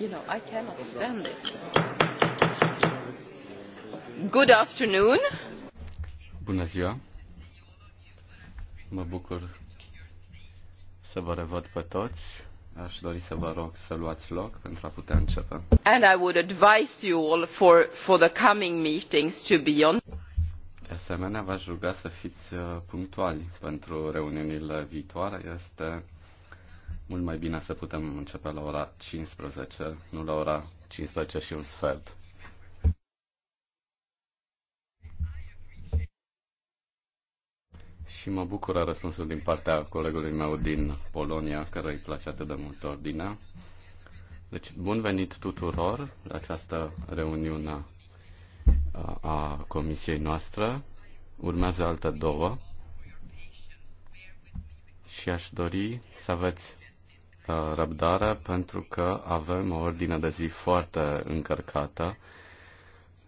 You know, I cannot stand this. Good afternoon. Bună ziua. Mă bucur să vă revăd pe toți. Aș dori să vă rog să luați loc pentru a putea începe. And I would advise you all for, for the coming meetings to be on. De asemenea, v-aș ruga să fiți uh, punctuali pentru reuniunile viitoare. Este mult mai bine să putem începe la ora 15, nu la ora 15 și un sfert. Și mă bucură răspunsul din partea colegului meu din Polonia, care îi place atât de mult ordinea. Deci, bun venit tuturor la această reuniune a comisiei noastre. Urmează altă două și aș dori să aveți Uh, răbdare pentru că avem o ordine de zi foarte încărcată.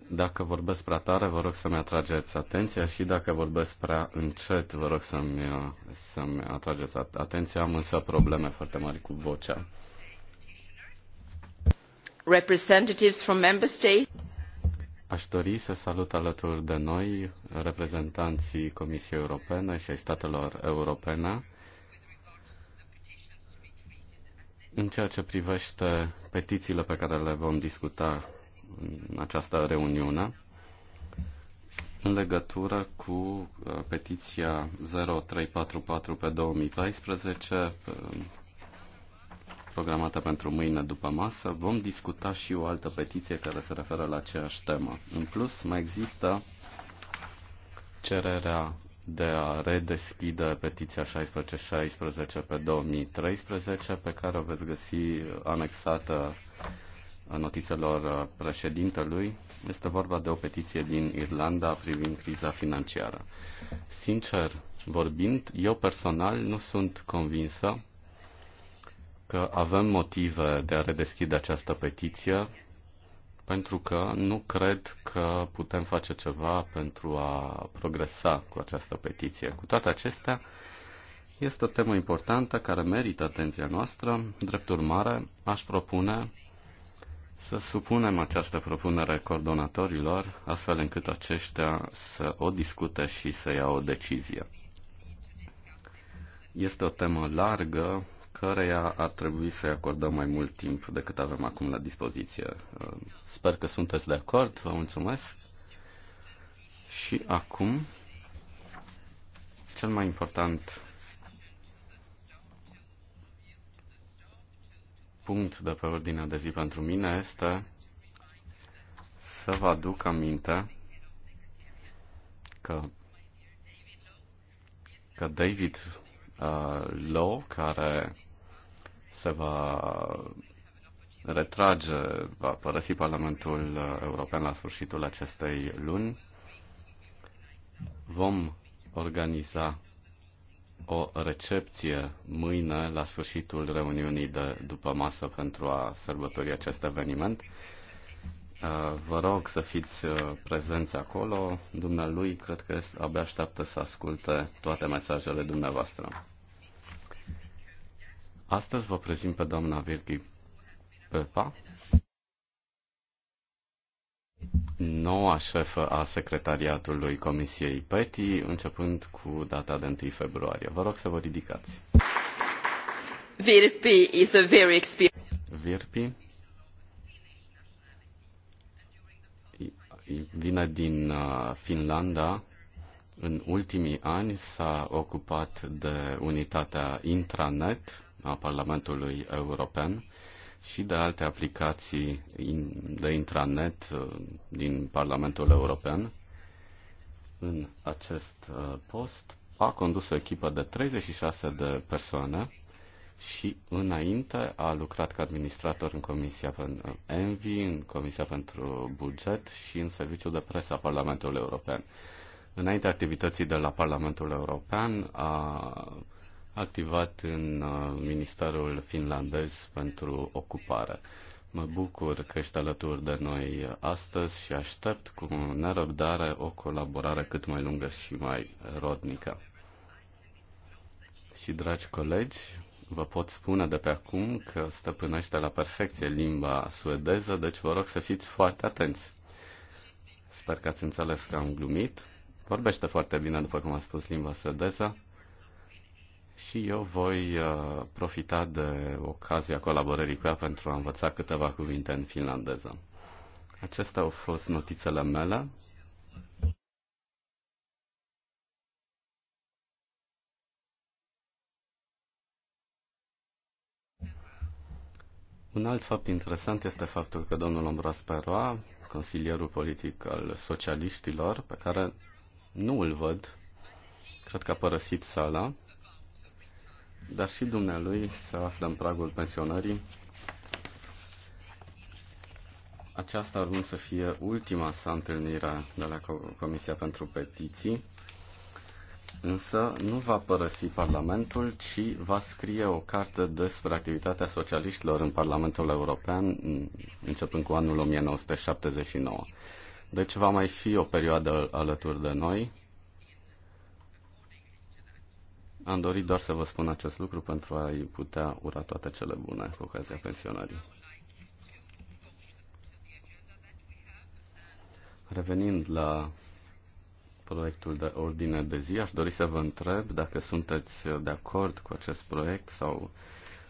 Dacă vorbesc prea tare, vă rog să-mi atrageți atenția și dacă vorbesc prea încet, vă rog să-mi, uh, să-mi atrageți atenția. Am însă probleme foarte mari cu vocea. Representatives from member state. Aș dori să salut alături de noi reprezentanții Comisiei Europene și ai statelor europene În ceea ce privește petițiile pe care le vom discuta în această reuniune, în legătură cu uh, petiția 0344 pe 2014, uh, programată pentru mâine după masă, vom discuta și o altă petiție care se referă la aceeași temă. În plus, mai există cererea de a redeschide petiția 1616 pe 2013, pe care o veți găsi anexată notițelor președintelui. Este vorba de o petiție din Irlanda privind criza financiară. Sincer vorbind, eu personal nu sunt convinsă că avem motive de a redeschide această petiție pentru că nu cred că putem face ceva pentru a progresa cu această petiție. Cu toate acestea, este o temă importantă care merită atenția noastră. Drept urmare, aș propune să supunem această propunere coordonatorilor, astfel încât aceștia să o discute și să ia o decizie. Este o temă largă căreia ar trebui să-i acordăm mai mult timp decât avem acum la dispoziție. Uh, sper că sunteți de acord, vă mulțumesc. Și acum, cel mai important punct de pe ordinea de zi pentru mine este să vă aduc aminte că, că David uh, Law, care se va retrage, va părăsi Parlamentul European la sfârșitul acestei luni. Vom organiza o recepție mâine la sfârșitul reuniunii de după masă pentru a sărbători acest eveniment. Uh, vă rog să fiți uh, prezenți acolo. Dumnealui cred că abia așteaptă să asculte toate mesajele dumneavoastră. Astăzi vă prezint pe doamna Virgi Pepa, noua șefă a secretariatului Comisiei PETI, începând cu data de 1 februarie. Vă rog să vă ridicați. Virpi is a very experienced. Virpi vine din uh, Finlanda. În ultimii ani s-a ocupat de unitatea intranet a Parlamentului European și de alte aplicații de intranet uh, din Parlamentul European. În acest uh, post a condus o echipă de 36 de persoane și înainte a lucrat ca administrator în Comisia pentru uh, Envi, în Comisia pentru Buget și în Serviciul de Presă a Parlamentului European. Înainte activității de la Parlamentul European a activat în uh, Ministerul finlandez pentru ocupare. Mă bucur că ești alături de noi astăzi și aștept cu nerăbdare o colaborare cât mai lungă și mai rodnică. Și, dragi colegi, vă pot spune de pe acum că stăpânește la perfecție limba suedeză, deci vă rog să fiți foarte atenți. Sper că ați înțeles că am glumit. Vorbește foarte bine, după cum a spus, limba suedeză și eu voi uh, profita de ocazia colaborării cu ea pentru a învăța câteva cuvinte în finlandeză. Acestea au fost notițele mele. Un alt fapt interesant este faptul că domnul Ambroas Peroa, consilierul politic al socialiștilor, pe care nu îl văd, cred că a părăsit sala, dar și dumnealui se află în pragul pensionării. Aceasta urmând să fie ultima sa întâlnire de la Comisia pentru Petiții, însă nu va părăsi Parlamentul, ci va scrie o carte despre activitatea socialiștilor în Parlamentul European, începând cu anul 1979. Deci va mai fi o perioadă alături de noi, am dorit doar să vă spun acest lucru pentru a-i putea ura toate cele bune cu ocazia pensionării. Revenind la proiectul de ordine de zi, aș dori să vă întreb dacă sunteți de acord cu acest proiect sau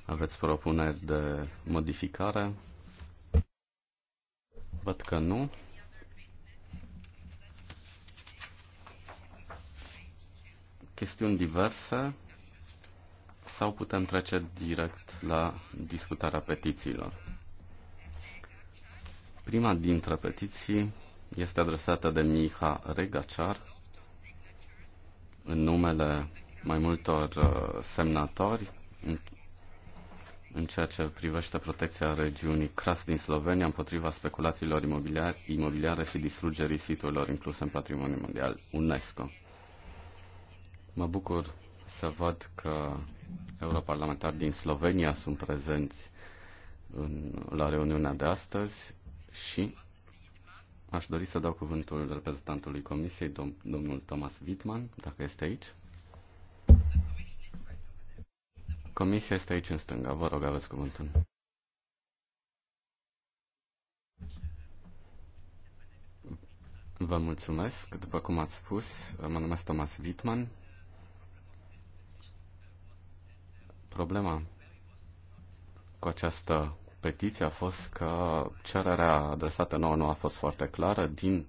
aveți propuneri de modificare. Văd că nu. chestiuni diverse sau putem trece direct la discutarea petițiilor. Prima dintre petiții este adresată de Miha Regaciar în numele mai multor uh, semnatori în ceea ce privește protecția regiunii Cras din Slovenia împotriva speculațiilor imobiliare, imobiliare și distrugerii siturilor incluse în patrimoniul mondial UNESCO. Mă bucur să văd că europarlamentari din Slovenia sunt prezenți în, la reuniunea de astăzi și aș dori să dau cuvântul reprezentantului Comisiei, dom- domnul Thomas Wittmann, dacă este aici. Comisia este aici în stânga, vă rog, aveți cuvântul. Vă mulțumesc. După cum ați spus, mă numesc Thomas Wittmann, Problema cu această petiție a fost că cererea adresată nouă nu a fost foarte clară. Din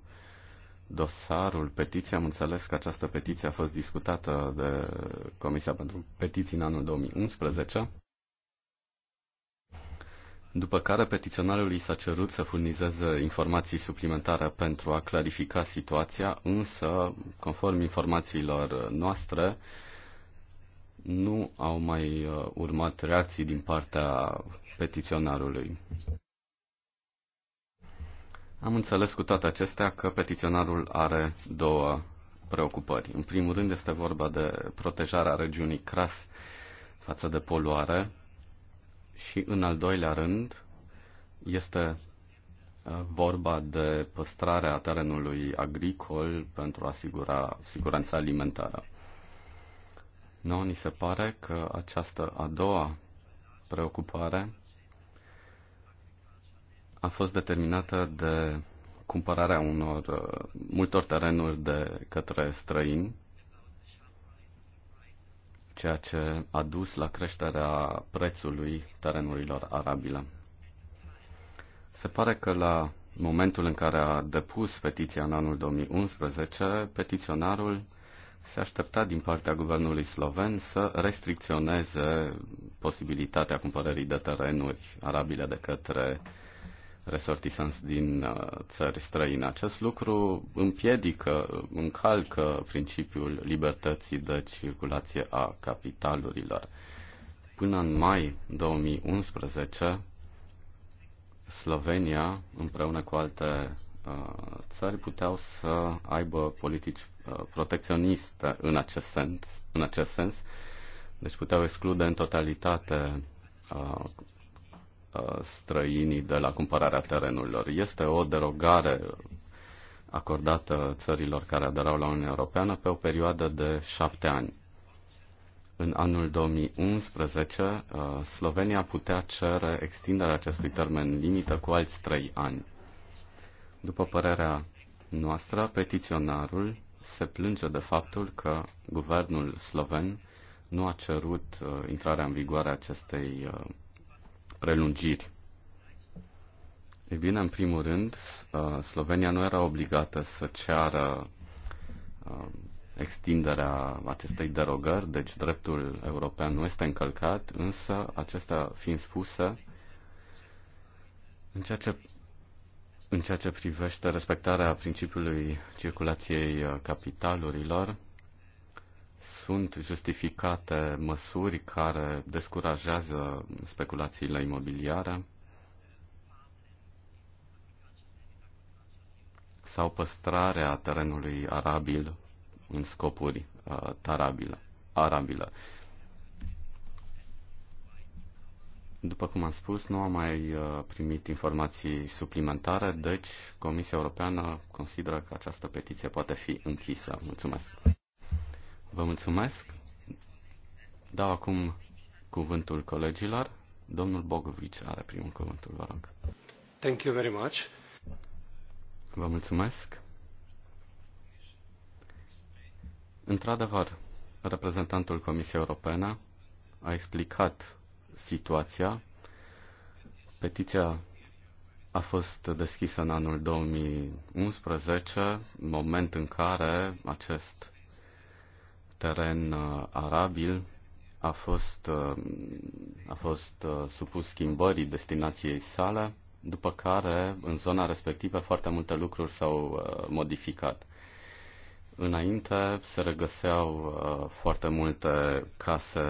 dosarul petiției am înțeles că această petiție a fost discutată de Comisia pentru Petiții în anul 2011, după care i s-a cerut să furnizeze informații suplimentare pentru a clarifica situația, însă, conform informațiilor noastre, nu au mai uh, urmat reacții din partea petiționarului. Am înțeles cu toate acestea că petiționarul are două preocupări. În primul rând este vorba de protejarea regiunii Cras față de poluare și în al doilea rând este uh, vorba de păstrarea terenului agricol pentru a asigura siguranța alimentară. No, ni se pare că această a doua preocupare a fost determinată de cumpărarea unor, uh, multor terenuri de către străini, ceea ce a dus la creșterea prețului terenurilor arabile. Se pare că la momentul în care a depus petiția în anul 2011, petiționarul se aștepta din partea guvernului sloven să restricționeze posibilitatea cumpărării de terenuri arabile de către resortisanți din uh, țări străine. Acest lucru împiedică, încalcă principiul libertății de circulație a capitalurilor. Până în mai 2011, Slovenia, împreună cu alte Uh, țări puteau să aibă politici uh, protecționiste în acest sens, în acest sens. deci puteau exclude în totalitate uh, străinii de la cumpărarea terenurilor. Este o derogare acordată țărilor care aderau la Uniunea Europeană pe o perioadă de șapte ani. În anul 2011, Slovenia putea cere extinderea acestui termen limită cu alți trei ani. După părerea noastră, petiționarul se plânge de faptul că guvernul sloven nu a cerut uh, intrarea în vigoare a acestei uh, prelungiri. Ei bine, în primul rând, uh, Slovenia nu era obligată să ceară uh, extinderea acestei derogări, deci dreptul european nu este încălcat, însă acestea fiind spuse, în ceea ce în ceea ce privește respectarea principiului circulației uh, capitalurilor, sunt justificate măsuri care descurajează speculațiile imobiliare sau păstrarea terenului arabil în scopuri uh, tarabile, arabile. După cum am spus, nu am mai uh, primit informații suplimentare, deci Comisia Europeană consideră că această petiție poate fi închisă. Mulțumesc. Vă mulțumesc. Dau acum cuvântul colegilor. Domnul Bogovici are primul cuvântul, vă rog. Thank you very much. Vă mulțumesc. Într-adevăr, reprezentantul Comisiei Europene a explicat situația. Petiția a fost deschisă în anul 2011, moment în care acest teren uh, arabil a fost, uh, a fost uh, supus schimbării destinației sale, după care în zona respectivă foarte multe lucruri s-au modificat. Înainte se regăseau uh, foarte multe case,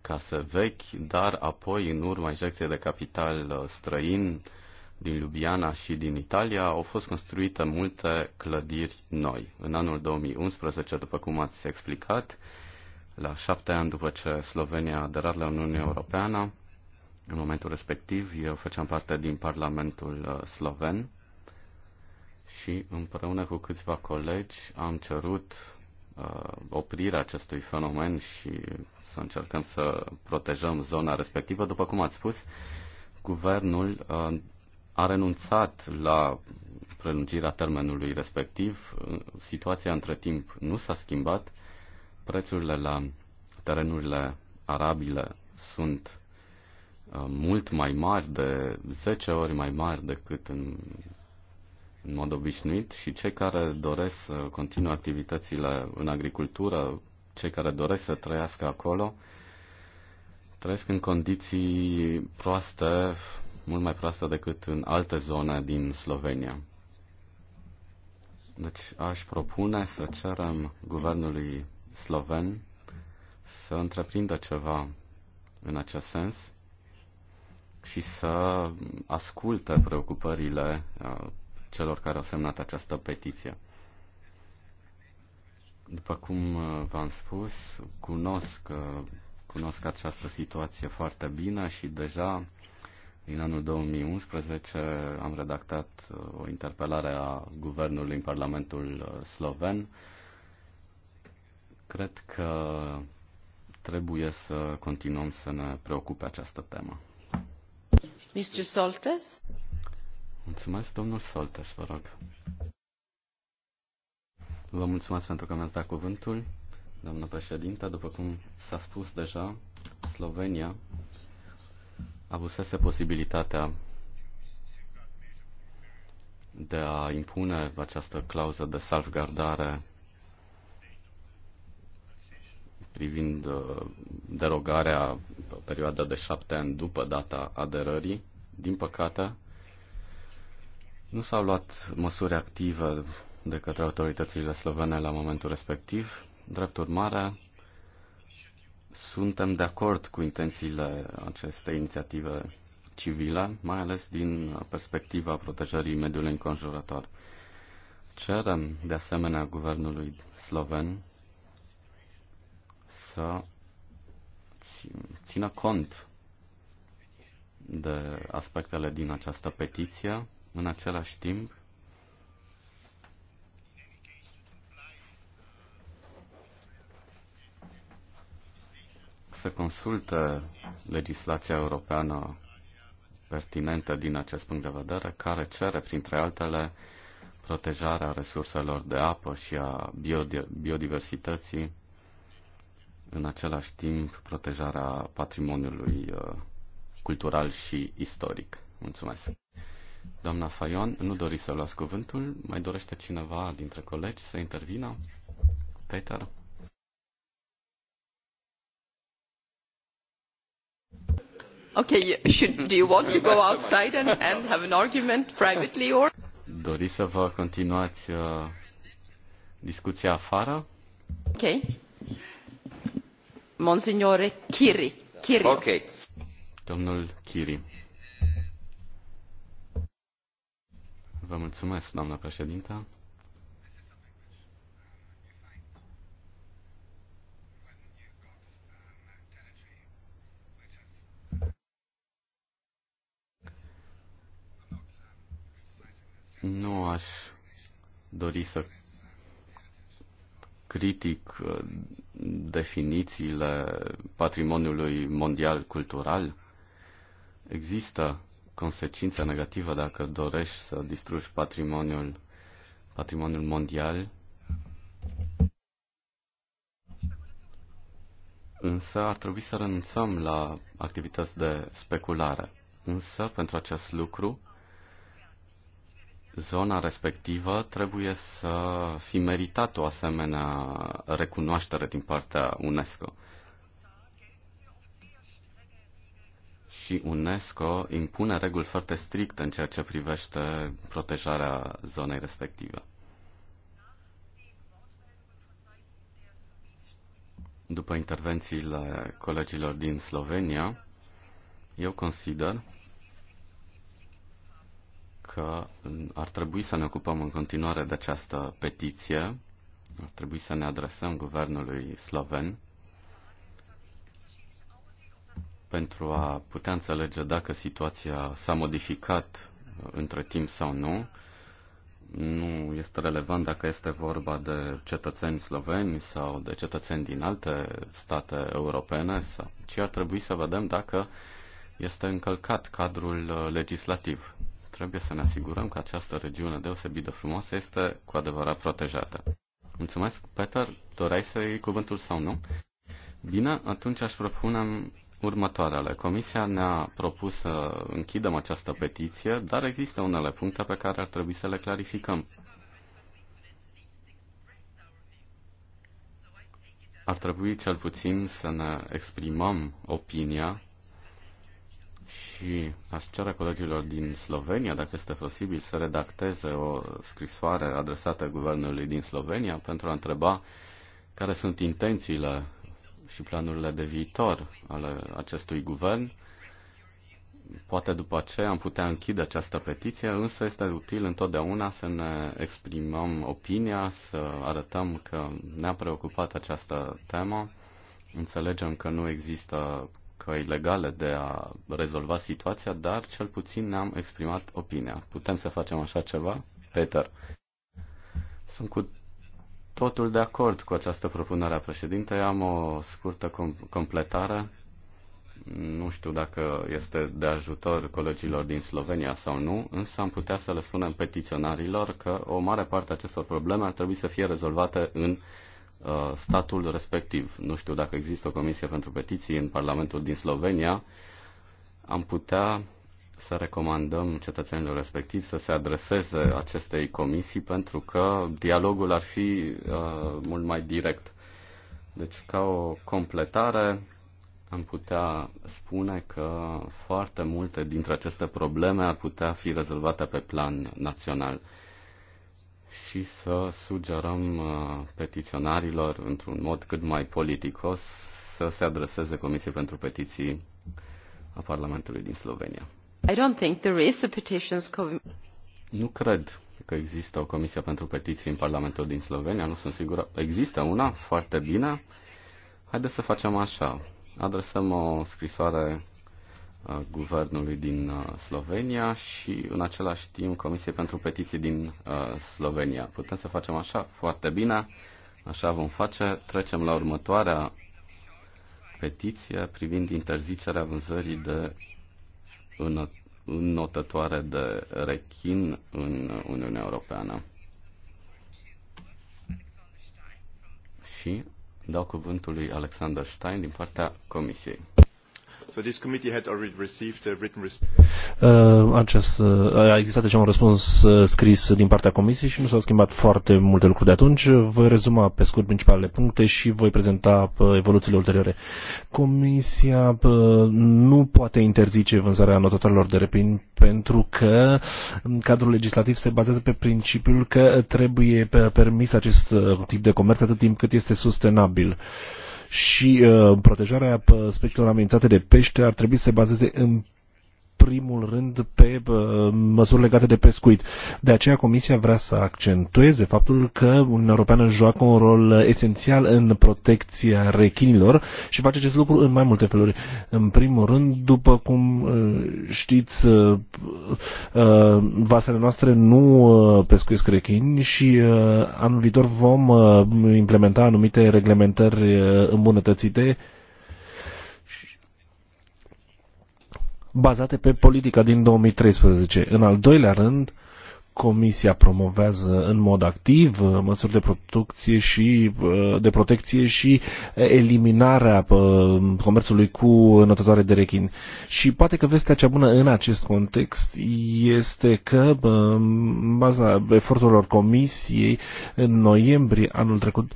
case vechi, dar apoi, în urma injecției de capital uh, străin din Ljubljana și din Italia, au fost construite multe clădiri noi. În anul 2011, după cum ați explicat, la șapte ani după ce Slovenia a aderat la Uniunea Europeană, în momentul respectiv eu făceam parte din Parlamentul uh, sloven și împreună cu câțiva colegi am cerut uh, oprirea acestui fenomen și să încercăm să protejăm zona respectivă. După cum ați spus, guvernul uh, a renunțat la prelungirea termenului respectiv. Uh, situația între timp nu s-a schimbat. Prețurile la terenurile arabile sunt uh, mult mai mari, de 10 ori mai mari decât în în mod obișnuit și cei care doresc să continuă activitățile în agricultură, cei care doresc să trăiască acolo, trăiesc în condiții proaste, mult mai proaste decât în alte zone din Slovenia. Deci aș propune să cerem guvernului sloven să întreprindă ceva în acest sens și să asculte preocupările uh, celor care au semnat această petiție. După cum uh, v-am spus, cunosc, uh, cunosc această situație foarte bine și deja în anul 2011 am redactat uh, o interpelare a guvernului în Parlamentul sloven. Cred că trebuie să continuăm să ne preocupe această temă. Mr. Soltes? Mulțumesc, domnul Soltes, vă rog. Vă mulțumesc pentru că mi-ați dat cuvântul, doamnă președinte. După cum s-a spus deja, Slovenia avusese posibilitatea de a impune această clauză de salvgardare privind uh, derogarea perioada de șapte ani după data aderării. Din păcate, nu s-au luat măsuri active de către autoritățile slovene la momentul respectiv. Drept urmare, suntem de acord cu intențiile acestei inițiative civile, mai ales din perspectiva protejării mediului înconjurător. Cerem, de asemenea, guvernului sloven să țină cont de aspectele din această petiție în același timp, se consultă legislația europeană pertinentă din acest punct de vedere, care cere, printre altele, protejarea resurselor de apă și a biodiversității, în același timp protejarea patrimoniului uh, cultural și istoric. Mulțumesc! Doamna Faion nu dori să luați cuvântul. Mai dorește cineva dintre colegi să intervină? Peter? Okay, should, do you want to go outside and, and have an argument privately or? Dori să vă continuați uh, discuția afară? Ok. Monsignore Kiri. Kiri. Ok. Domnul Kiri. Vă mulțumesc, doamna președintă. Nu aș dori să critic uh, definițiile patrimoniului mondial cultural. Există consecință negativă dacă dorești să distrugi patrimoniul, patrimoniul mondial. Însă ar trebui să renunțăm la activități de speculare. Însă, pentru acest lucru, zona respectivă trebuie să fi meritat o asemenea recunoaștere din partea UNESCO. și UNESCO impune reguli foarte stricte în ceea ce privește protejarea zonei respective. După intervențiile colegilor din Slovenia, eu consider că ar trebui să ne ocupăm în continuare de această petiție, ar trebui să ne adresăm guvernului sloven pentru a putea înțelege dacă situația s-a modificat uh, între timp sau nu. Nu este relevant dacă este vorba de cetățeni sloveni sau de cetățeni din alte state europene, ci ar trebui să vedem dacă este încălcat cadrul uh, legislativ. Trebuie să ne asigurăm că această regiune deosebit de frumoasă este cu adevărat protejată. Mulțumesc, Peter. Doreai să iei cuvântul sau nu? Bine, atunci aș propune următoarele. Comisia ne-a propus să închidem această petiție, dar există unele puncte pe care ar trebui să le clarificăm. Ar trebui cel puțin să ne exprimăm opinia și aș cere colegilor din Slovenia, dacă este posibil, să redacteze o scrisoare adresată guvernului din Slovenia pentru a întreba care sunt intențiile și planurile de viitor ale acestui guvern. Poate după aceea am putea închide această petiție, însă este util întotdeauna să ne exprimăm opinia, să arătăm că ne-a preocupat această temă. Înțelegem că nu există căi legale de a rezolva situația, dar cel puțin ne-am exprimat opinia. Putem să facem așa ceva? Peter. Sunt cu totul de acord cu această propunere a președintei. Am o scurtă com- completare. Nu știu dacă este de ajutor colegilor din Slovenia sau nu, însă am putea să le spunem petiționarilor că o mare parte a acestor probleme ar trebui să fie rezolvate în uh, statul respectiv. Nu știu dacă există o comisie pentru petiții în Parlamentul din Slovenia. Am putea să recomandăm cetățenilor respectivi să se adreseze acestei comisii pentru că dialogul ar fi uh, mult mai direct. Deci, ca o completare, am putea spune că foarte multe dintre aceste probleme ar putea fi rezolvate pe plan național și să sugerăm uh, petiționarilor, într-un mod cât mai politicos, să se adreseze Comisiei pentru Petiții a Parlamentului din Slovenia. I don't think there is a petitions nu cred că există o comisie pentru petiții în Parlamentul din Slovenia, nu sunt sigură. Există una? Foarte bine. Haideți să facem așa. Adresăm o scrisoare uh, guvernului din uh, Slovenia și în același timp Comisie pentru Petiții din uh, Slovenia. Putem să facem așa? Foarte bine. Așa vom face. Trecem la următoarea petiție privind interzicerea vânzării de înnotătoare de rechin în Uniunea Europeană. Și dau cuvântul lui Alexander Stein din partea Comisiei. So this committee had already received a written response. Uh, uh, a existat deja deci un răspuns uh, scris din partea comisiei și nu s-au schimbat foarte multe lucruri de atunci. Voi rezuma pe scurt principalele puncte și voi prezenta uh, evoluțiile ulterioare. Comisia nu poate interzice vânzarea anotatorilor de repin pentru că cadrul legislativ se bazează pe principiul că trebuie permis acest tip de comerț atât timp cât este sustenabil. Uh, și uh, protejarea uh, speciilor amenințate de pește ar trebui să se bazeze în primul rând pe măsuri legate de pescuit. De aceea Comisia vrea să accentueze faptul că Uniunea Europeană joacă un rol esențial în protecția rechinilor și face acest lucru în mai multe feluri. În primul rând, după cum ă, știți, ă, ă, vasele noastre nu pescuiesc rechini și anul viitor vom implementa anumite reglementări îmbunătățite bazate pe politica din 2013. În al doilea rând, Comisia promovează în mod activ uh, măsuri de protecție și, uh, de protecție și uh, eliminarea comerțului cu nătătoare de rechin. Și poate că vestea cea bună în acest context este că, în baza eforturilor Comisiei, în noiembrie anul trecut,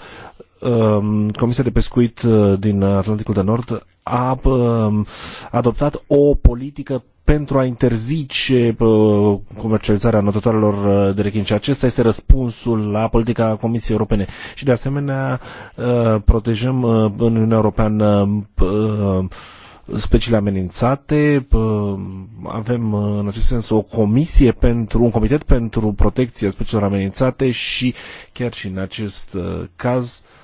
Um, Comisia de Pescuit uh, din Atlanticul de Nord a um, adoptat o politică pentru a interzice uh, comercializarea notătoarelor uh, de rechin. Și acesta este răspunsul la politica Comisiei Europene. Și de asemenea protejăm în Uniunea Europeană speciile amenințate. Avem în acest sens o comisie pentru, un comitet pentru protecția speciilor amenințate și chiar și în acest caz uh,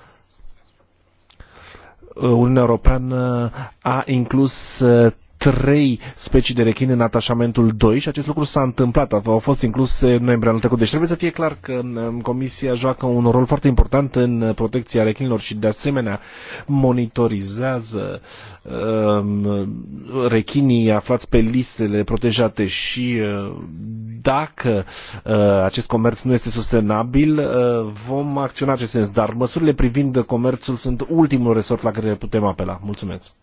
Uniunea Europeană a inclus uh, trei specii de rechin în atașamentul 2 și acest lucru s-a întâmplat, au fost incluse în noiembrie anul trecut. Deci trebuie să fie clar că um, Comisia joacă un rol foarte important în protecția rechinilor și de asemenea monitorizează uh, rechinii aflați pe listele protejate și uh, dacă uh, acest comerț nu este sustenabil, uh, vom acționa acest sens, dar măsurile privind comerțul sunt ultimul resort la care putem apela. Mulțumesc!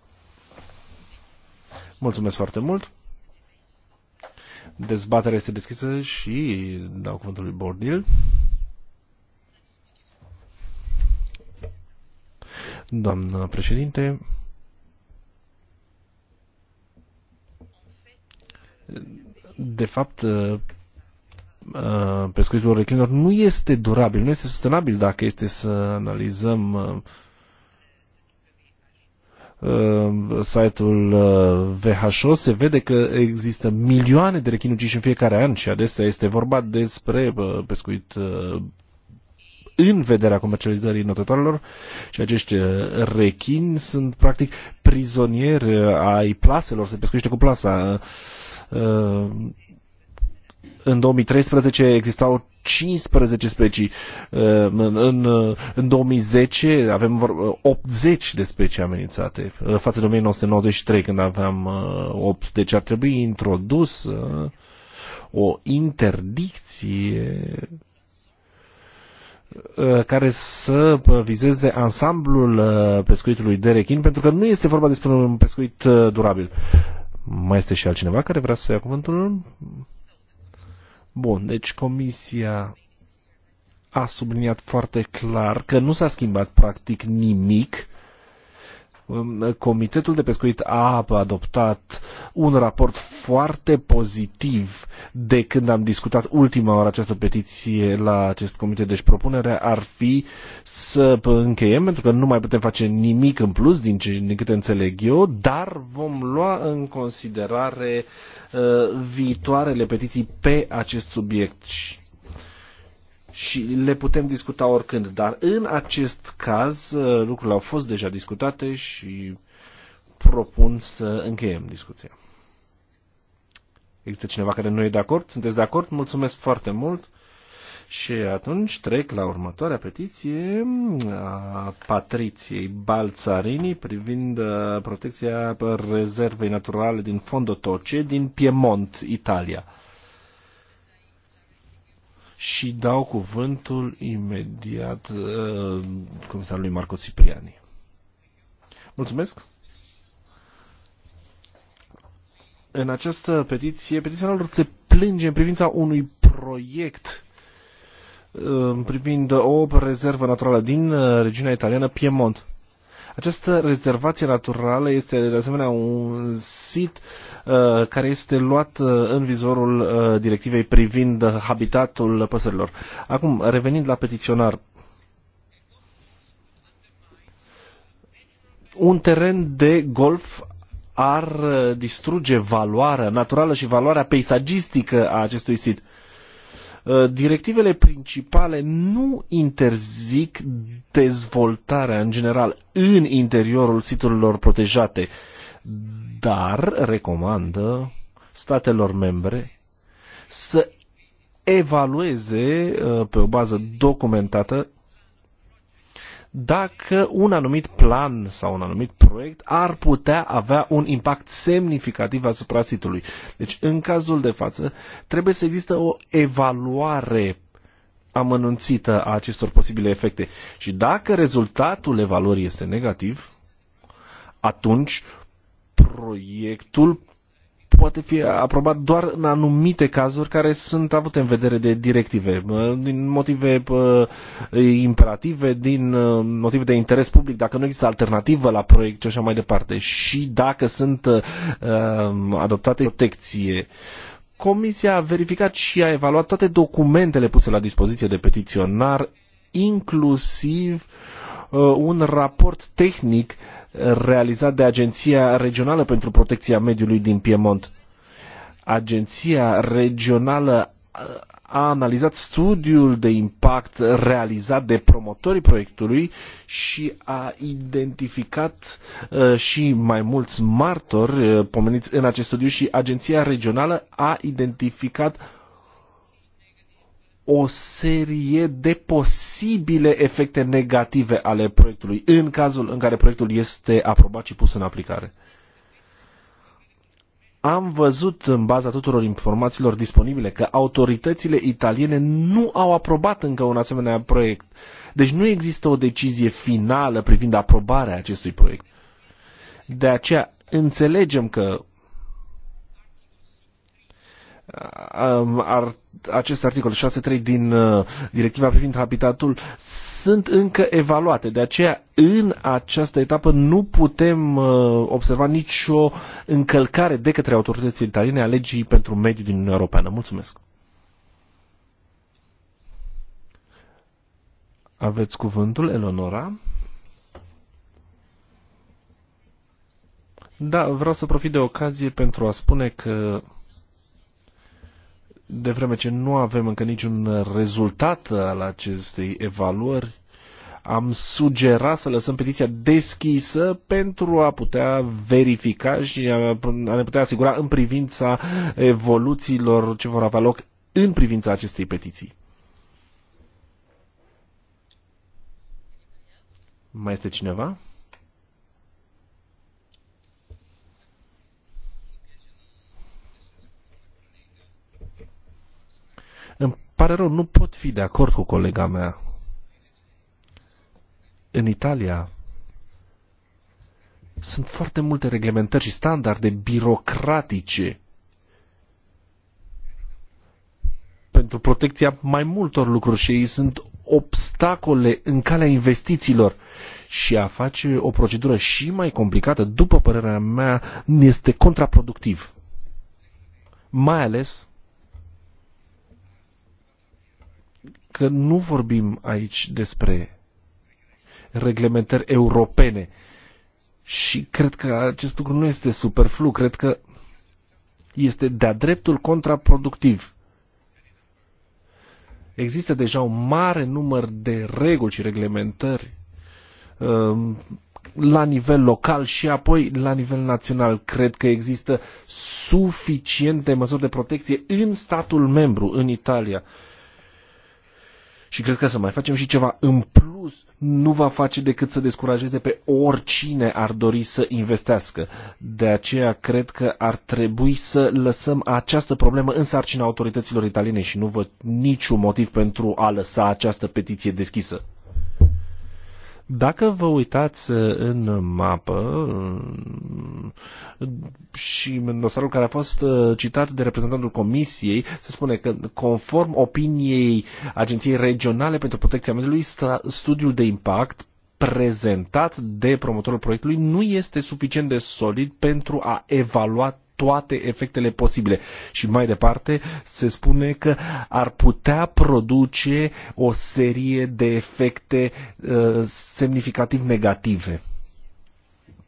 Mulțumesc foarte mult! Dezbaterea este deschisă și dau cuvântul lui Bordil. Doamnă președinte, de fapt, uh, uh, pescuitul reclinor nu este durabil, nu este sustenabil dacă este să analizăm uh, Uh, site-ul uh, VHO se vede că există milioane de rechinuciși în fiecare an și adesea este vorba despre uh, pescuit în vederea comercializării notătoarelor și acești rechini sunt practic prizonieri ai plaselor, se pescuiește cu plasa. În 2013 existau 15 specii. În, în 2010 avem 80 de specii amenințate față de 1993 când aveam 8. Uh, deci ar trebui introdus uh, o interdicție uh, care să vizeze ansamblul pescuitului de rechin, pentru că nu este vorba despre un pescuit durabil. Mai este și altcineva care vrea să ia cuvântul? Bun, deci Comisia a subliniat foarte clar că nu s-a schimbat practic nimic Uh, Comitetul de Pescuit a adoptat un raport foarte pozitiv de când am discutat ultima oară această petiție la acest comitet. Deci propunerea ar fi să încheiem, pentru că nu mai putem face nimic în plus din, ce, din câte înțeleg eu, dar vom lua în considerare uh, viitoarele petiții pe acest subiect și le putem discuta oricând, dar în acest caz uh, lucrurile au fost deja discutate și propun să încheiem discuția. Există cineva care nu e de acord? Sunteți de acord? Mulțumesc foarte mult! Și atunci trec la următoarea petiție a Patriției Balțarini privind uh, protecția rezervei naturale din Fondotoce din Piemont, Italia și dau cuvântul imediat uh, comisarului Marco Cipriani. Mulțumesc! În această petiție, lor se plânge în privința unui proiect uh, privind o rezervă naturală din uh, regiunea italiană Piemont această rezervație naturală este de asemenea un sit uh, care este luat uh, în vizorul uh, directivei privind habitatul păsărilor. Acum, revenind la petiționar, un teren de golf ar uh, distruge valoarea naturală și valoarea peisagistică a acestui sit. Uh, Uh, directivele principale nu interzic dezvoltarea în general în interiorul siturilor protejate, dar recomandă statelor membre să evalueze uh, pe o bază documentată dacă un anumit plan sau un anumit proiect ar putea avea un impact semnificativ asupra sitului. Deci, în cazul de față, trebuie să există o evaluare amănunțită a acestor posibile efecte. Și dacă rezultatul evaluării este negativ, atunci proiectul poate fi aprobat doar în anumite cazuri care sunt avute în vedere de directive, din motive imperative, din motive de interes public, dacă nu există alternativă la proiect și așa mai departe, și dacă sunt ă, ă, adoptate protecție. Comisia a verificat și a evaluat toate documentele puse la dispoziție de petiționar, inclusiv ă, un raport tehnic uh, realizat de Agenția Regională pentru Protecția Mediului din Piemont. Agenția Regională a analizat studiul de impact realizat de promotorii proiectului și a identificat uh, și mai mulți martori uh, pomeniți în acest studiu și agenția regională a identificat o serie de posibile efecte negative ale proiectului în cazul în care proiectul este aprobat și pus în aplicare. Am văzut în baza tuturor informațiilor disponibile că autoritățile italiene nu au aprobat încă un asemenea proiect. Deci nu există o decizie finală privind aprobarea acestui proiect. De aceea înțelegem că ar, acest articol 6.3 din uh, directiva privind habitatul sunt încă evaluate. De aceea, în această etapă nu putem uh, observa nicio încălcare de către autoritățile italiene a legii pentru mediul din Uniunea Europeană. Mulțumesc! Aveți cuvântul, Eleonora? Da, vreau să profit de ocazie pentru a spune că de vreme ce nu avem încă niciun rezultat al acestei evaluări, am sugerat să lăsăm petiția deschisă pentru a putea verifica și a ne putea asigura în privința evoluțiilor ce vor avea loc în privința acestei petiții. Mai este cineva? pare rău, nu pot fi de acord cu colega mea. În Italia sunt foarte multe reglementări și standarde birocratice pentru protecția mai multor lucruri și ei sunt obstacole în calea investițiilor și a face o procedură și mai complicată, după părerea mea, este contraproductiv. Mai ales că nu vorbim aici despre reglementări europene și cred că acest lucru nu este superflu, cred că este de-a dreptul contraproductiv. Există deja un mare număr de reguli și reglementări um, la nivel local și apoi la nivel național. Cred că există suficiente măsuri de protecție în statul membru, în Italia. Și cred că să mai facem și ceva în plus nu va face decât să descurajeze pe oricine ar dori să investească. De aceea cred că ar trebui să lăsăm această problemă în sarcina autorităților italiene și nu văd niciun motiv pentru a lăsa această petiție deschisă. Dacă vă uitați uh, în mapă uh, și în dosarul care a fost uh, citat de reprezentantul Comisiei, se spune că conform opiniei Agenției Regionale pentru Protecția Mediului, studiul de impact prezentat de promotorul proiectului nu este suficient de solid pentru a evalua toate efectele posibile. Și mai departe se spune că ar putea produce o serie de efecte uh, semnificativ negative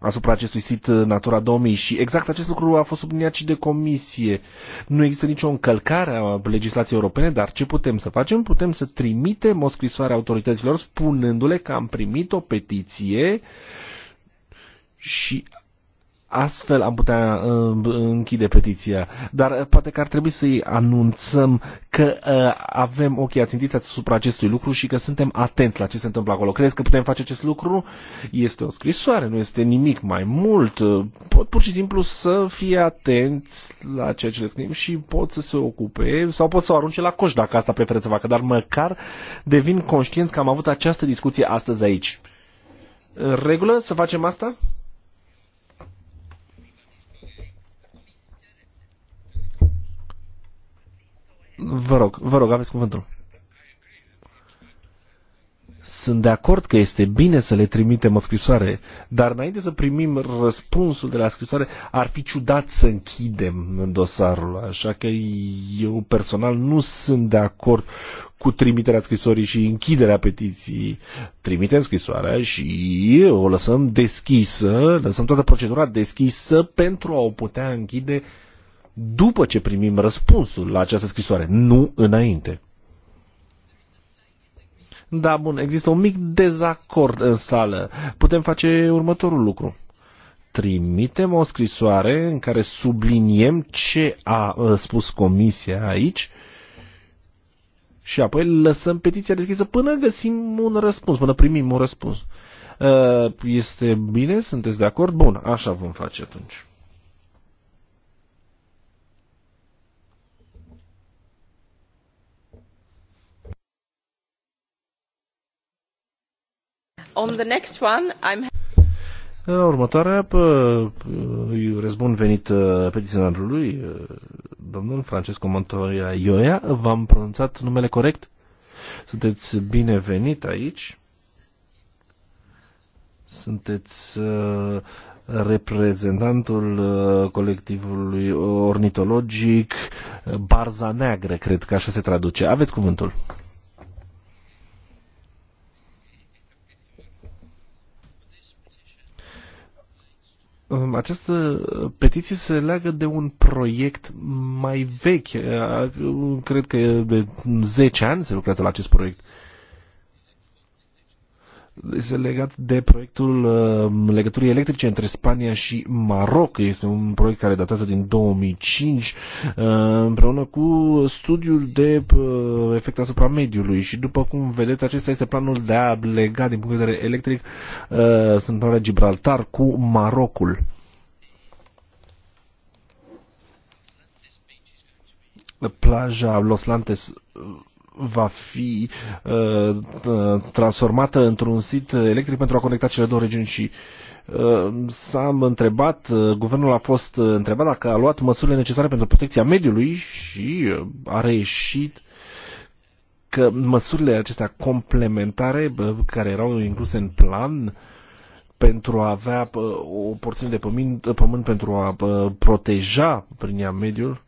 asupra acestui sit uh, Natura 2000 și exact acest lucru a fost subliniat și de comisie. Nu există nicio încălcare a legislației europene, dar ce putem să facem? Putem să trimitem o scrisoare autorităților spunându-le că am primit o petiție și Astfel am putea uh, închide petiția, dar uh, poate că ar trebui să-i anunțăm că uh, avem ochii ațintiți asupra acestui lucru și că suntem atenți la ce se întâmplă acolo. Crezi că putem face acest lucru? Este o scrisoare, nu este nimic mai mult. Pot pur și simplu să fie atenți la ceea ce le scrim și pot să se ocupe sau pot să o arunce la coș dacă asta preferă să facă, dar măcar devin conștienți că am avut această discuție astăzi aici. În regulă să facem asta? Vă rog, vă rog, aveți cuvântul. Sunt de acord că este bine să le trimitem o scrisoare, dar înainte să primim răspunsul de la scrisoare, ar fi ciudat să închidem dosarul. Așa că eu personal nu sunt de acord cu trimiterea scrisorii și închiderea petiției. Trimitem scrisoarea și o lăsăm deschisă, lăsăm toată procedura deschisă pentru a o putea închide uh, după ce primim răspunsul la această scrisoare, nu înainte. Da, bun, există un mic dezacord în sală. Putem face următorul lucru. Trimitem o scrisoare în care subliniem ce a spus comisia aici și apoi lăsăm petiția deschisă până găsim un răspuns, până primim un răspuns. Uh, este bine? Sunteți de acord? Bun, așa vom face atunci. La următoarea, pă, îi urez bun venit uh, petiționarului, uh, domnul Francesco Montoya Ioia. V-am pronunțat numele corect? Sunteți binevenit aici. Sunteți uh, reprezentantul colectivului ornitologic Barza Neagră, cred că așa se traduce. Aveți cuvântul. această petiție se leagă de un proiect mai vechi. Cred că de 10 ani se lucrează la acest proiect este legat de proiectul uh, legăturii electrice între Spania și Maroc. Este un proiect care datează din 2005 uh, împreună cu studiul de uh, efect asupra mediului și după cum vedeți acesta este planul de a lega din punct de vedere electric Sântarea Gibraltar cu Marocul. Plaja Los Lantes va fi uh, transformată într-un sit electric pentru a conecta cele două regiuni și uh, s-a întrebat, uh, guvernul a fost întrebat dacă a luat măsurile necesare pentru protecția mediului și uh, a reieșit că măsurile acestea complementare care erau incluse în plan pentru a avea o porțiune de pământ, pământ pentru a proteja prin ea mediul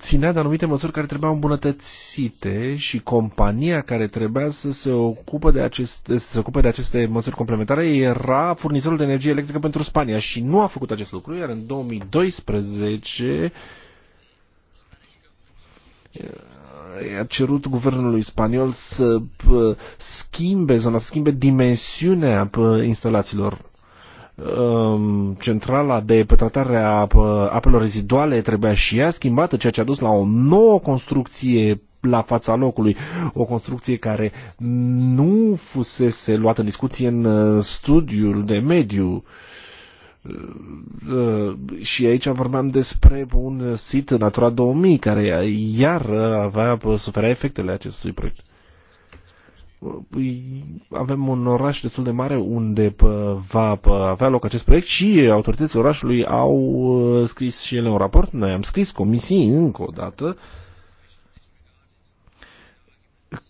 ținea de anumite măsuri care trebuiau îmbunătățite și compania care trebuia să se, ocupe de aceste, să se ocupe de aceste măsuri complementare era furnizorul de energie electrică pentru Spania și nu a făcut acest lucru, iar în 2012 uh, a cerut guvernului spaniol să uh, schimbe zona, să schimbe dimensiunea uh, instalațiilor Ehm, centrala de pătratare a apelor reziduale trebuia și ea schimbată, ceea ce a dus la o nouă construcție la fața locului, o construcție care nu fusese luată în discuție în uh, studiul de mediu. Ehm, uh, și aici vorbeam despre un sit Natura 2000 care iar avea uh, suferea efectele acestui proiect. Păi, avem un oraș destul de mare unde va avea loc acest proiect și autoritățile orașului au uh, scris și ele un raport. Noi am scris comisii încă o dată.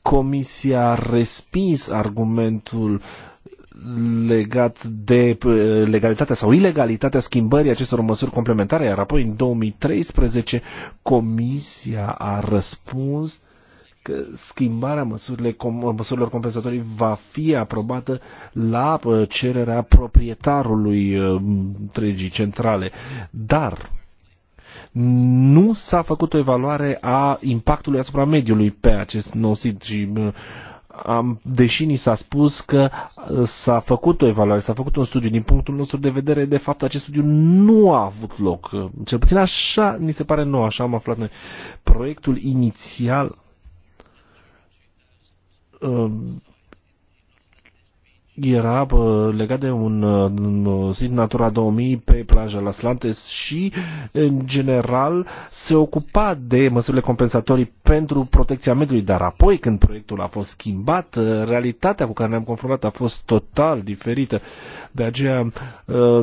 Comisia a respins argumentul legat de legalitatea sau ilegalitatea schimbării acestor măsuri complementare, iar apoi în 2013 Comisia a răspuns uh, că schimbarea măsurilor compensatorii va fi aprobată la uh, cererea proprietarului uh, întregii centrale. Dar nu s-a făcut o evaluare a impactului asupra mediului pe acest nou sit și uh, am, deși ni s-a spus că s-a făcut o evaluare, s-a făcut un studiu, din punctul nostru de vedere, de fapt, acest studiu nu a avut loc. Cel puțin așa ni se pare nou, așa am aflat noi. Proiectul inițial Um, era uh, legat de un uh, zid Natura 2000 pe plaja Las Slantes și, în general, se ocupa de măsurile compensatorii pentru protecția mediului, dar apoi, când proiectul a fost schimbat, uh, realitatea cu care ne-am confruntat a fost total diferită. De aceea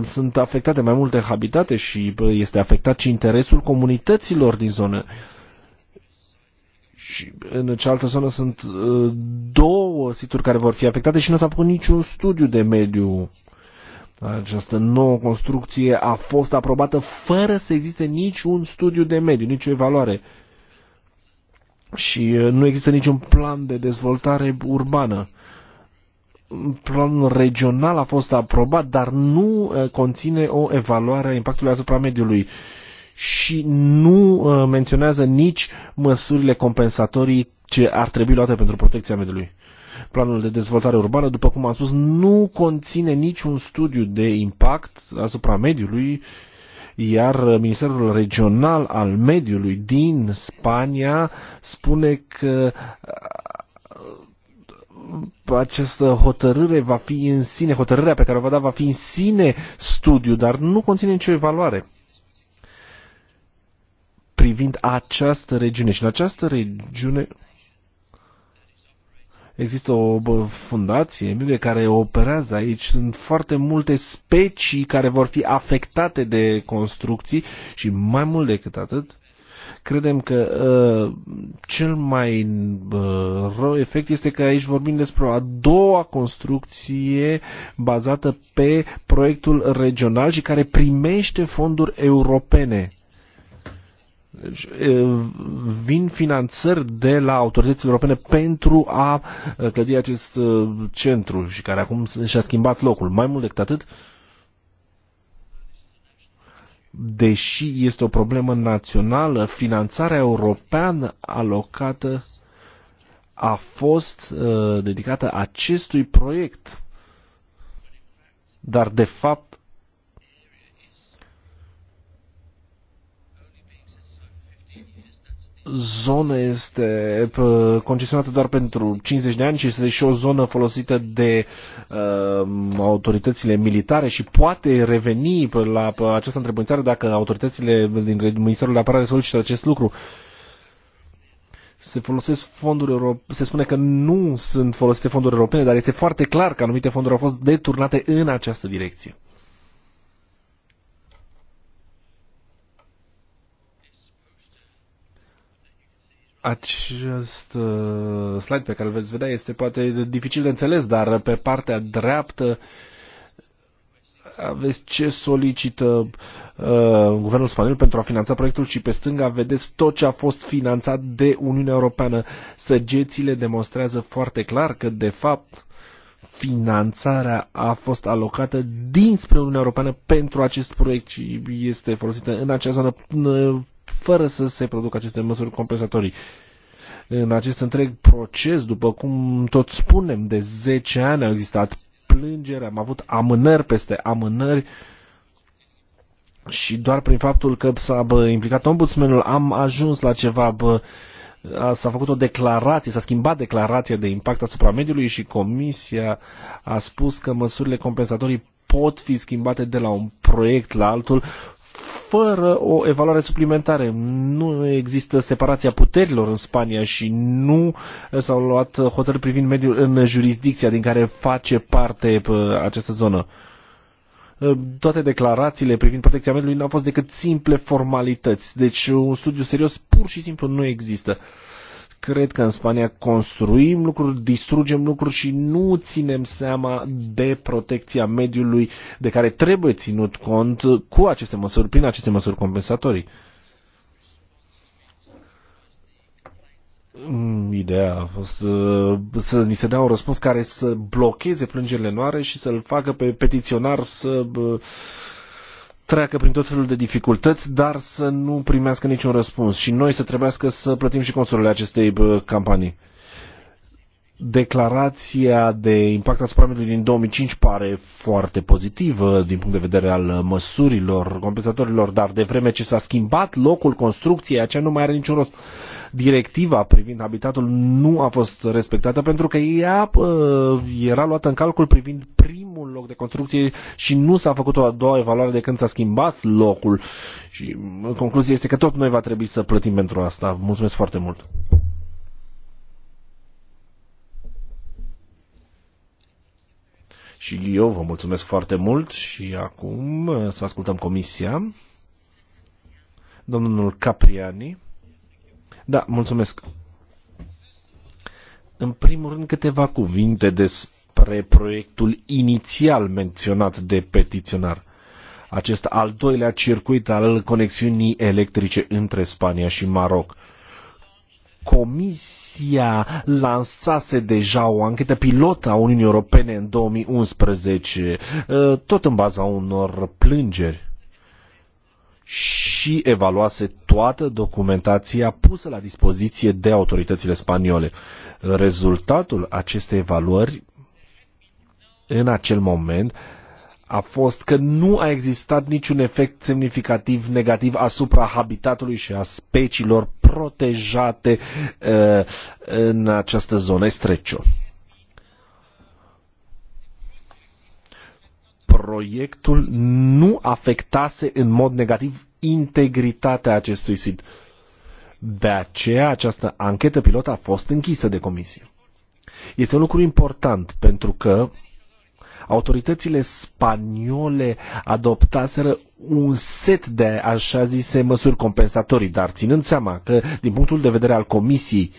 sunt afectate mai multe habitate și este afectat și interesul comunităților din zonă și în cealaltă zonă sunt uh, două situri care vor fi afectate și nu s-a făcut niciun studiu de mediu. Această nouă construcție a fost aprobată fără să existe niciun studiu de mediu, nicio evaluare. Și uh, nu există niciun plan de dezvoltare urbană. Planul regional a fost aprobat, dar nu uh, conține o evaluare a impactului asupra mediului. Uh, și nu uh, menționează nici măsurile compensatorii ce ar trebui luate pentru protecția mediului. Planul de dezvoltare urbană, după cum am spus, nu conține niciun studiu de impact asupra mediului, iar Ministerul Regional al Mediului din Spania spune că uh, această hotărâre va fi în sine, hotărârea pe care o va da va fi în sine studiu, dar nu conține nicio evaluare privind această regiune. Și în această regiune există o fundație mică care operează aici. Sunt foarte multe specii care vor fi afectate de construcții și mai mult decât atât, credem că uh, cel mai uh, rău efect este că aici vorbim despre o a doua construcție bazată pe proiectul regional și care primește fonduri europene. Deci, vin finanțări de la autoritățile europene pentru a clădi acest centru și care acum și-a schimbat locul. Mai mult decât atât, deși este o problemă națională, finanțarea europeană alocată a fost uh, dedicată acestui proiect. Dar, de fapt, zonă este concesionată doar pentru 50 de ani și este și o zonă folosită de uh, autoritățile militare și poate reveni la această întrebări dacă autoritățile din Ministerul de Apărare solicită acest lucru. se folosesc fonduri europene, se spune că nu sunt folosite fonduri europene, dar este foarte clar că anumite fonduri au fost deturnate în această direcție. Acest uh, slide pe care îl veți vedea este poate dificil de înțeles, dar pe partea dreaptă aveți ce solicită uh, guvernul spaniol pentru a finanța proiectul și pe stânga vedeți tot ce a fost finanțat de Uniunea Europeană. Săgețile demonstrează foarte clar că, de fapt, finanțarea a fost alocată dinspre Uniunea Europeană pentru acest proiect și este folosită în acea zonă fără să se producă aceste măsuri compensatorii. În acest întreg proces, după cum tot spunem, de 10 ani au existat plângeri, am avut amânări peste amânări și doar prin faptul că s-a implicat ombudsmanul am ajuns la ceva bă, s-a făcut o declarație, s-a schimbat declarația de impact asupra mediului și comisia a spus că măsurile compensatorii pot fi schimbate de la un proiect la altul fără o evaluare suplimentară. Nu există separația puterilor în Spania și nu s-au luat hotărâri privind mediul în jurisdicția din care face parte uh, această zonă. Uh, toate declarațiile privind protecția mediului nu au fost decât simple formalități, deci un studiu serios pur și simplu nu există. Uh, cred că în Spania construim lucruri, distrugem lucruri și nu ținem seama de protecția mediului de care trebuie ținut cont cu aceste măsuri, prin aceste măsuri compensatorii. Mm, ideea a fost să, uh, să ni se dea un răspuns care să blocheze plângerile noare și să-l facă pe petiționar să treacă prin tot felul de dificultăți, dar să nu primească niciun răspuns și noi să trebuiască să plătim și costurile acestei campanii. Declarația de impact asupra mediului din 2005 pare foarte pozitivă din punct de vedere al măsurilor, compensatorilor, dar de vreme ce s-a schimbat locul construcției, aceea nu mai are niciun rost directiva privind habitatul nu a fost respectată pentru că ea uh, era luată în calcul privind primul loc de construcție și nu s-a făcut o a doua evaluare de când s-a schimbat locul. Și concluzia este că tot noi va trebui să plătim pentru asta. Mulțumesc foarte mult! Și eu vă mulțumesc foarte mult și acum uh, să ascultăm comisia. Domnul Capriani. Da, mulțumesc. În primul rând câteva cuvinte despre proiectul inițial menționat de petiționar. Acest al doilea circuit al conexiunii electrice între Spania și Maroc. Comisia lansase deja o anchetă pilotă a Uniunii Europene în 2011, tot în baza unor plângeri și evaluase toată documentația pusă la dispoziție de autoritățile spaniole. Rezultatul acestei evaluări în acel moment a fost că nu a existat niciun efect semnificativ negativ asupra habitatului și a speciilor protejate uh, în această zonă estrecio. Proiectul nu afectase în mod negativ integritatea acestui sit. De aceea această anchetă pilot a fost închisă de comisie. Este un lucru important pentru că autoritățile spaniole adoptaseră un set de așa zise măsuri compensatorii, dar ținând seama că din punctul de vedere al comisiei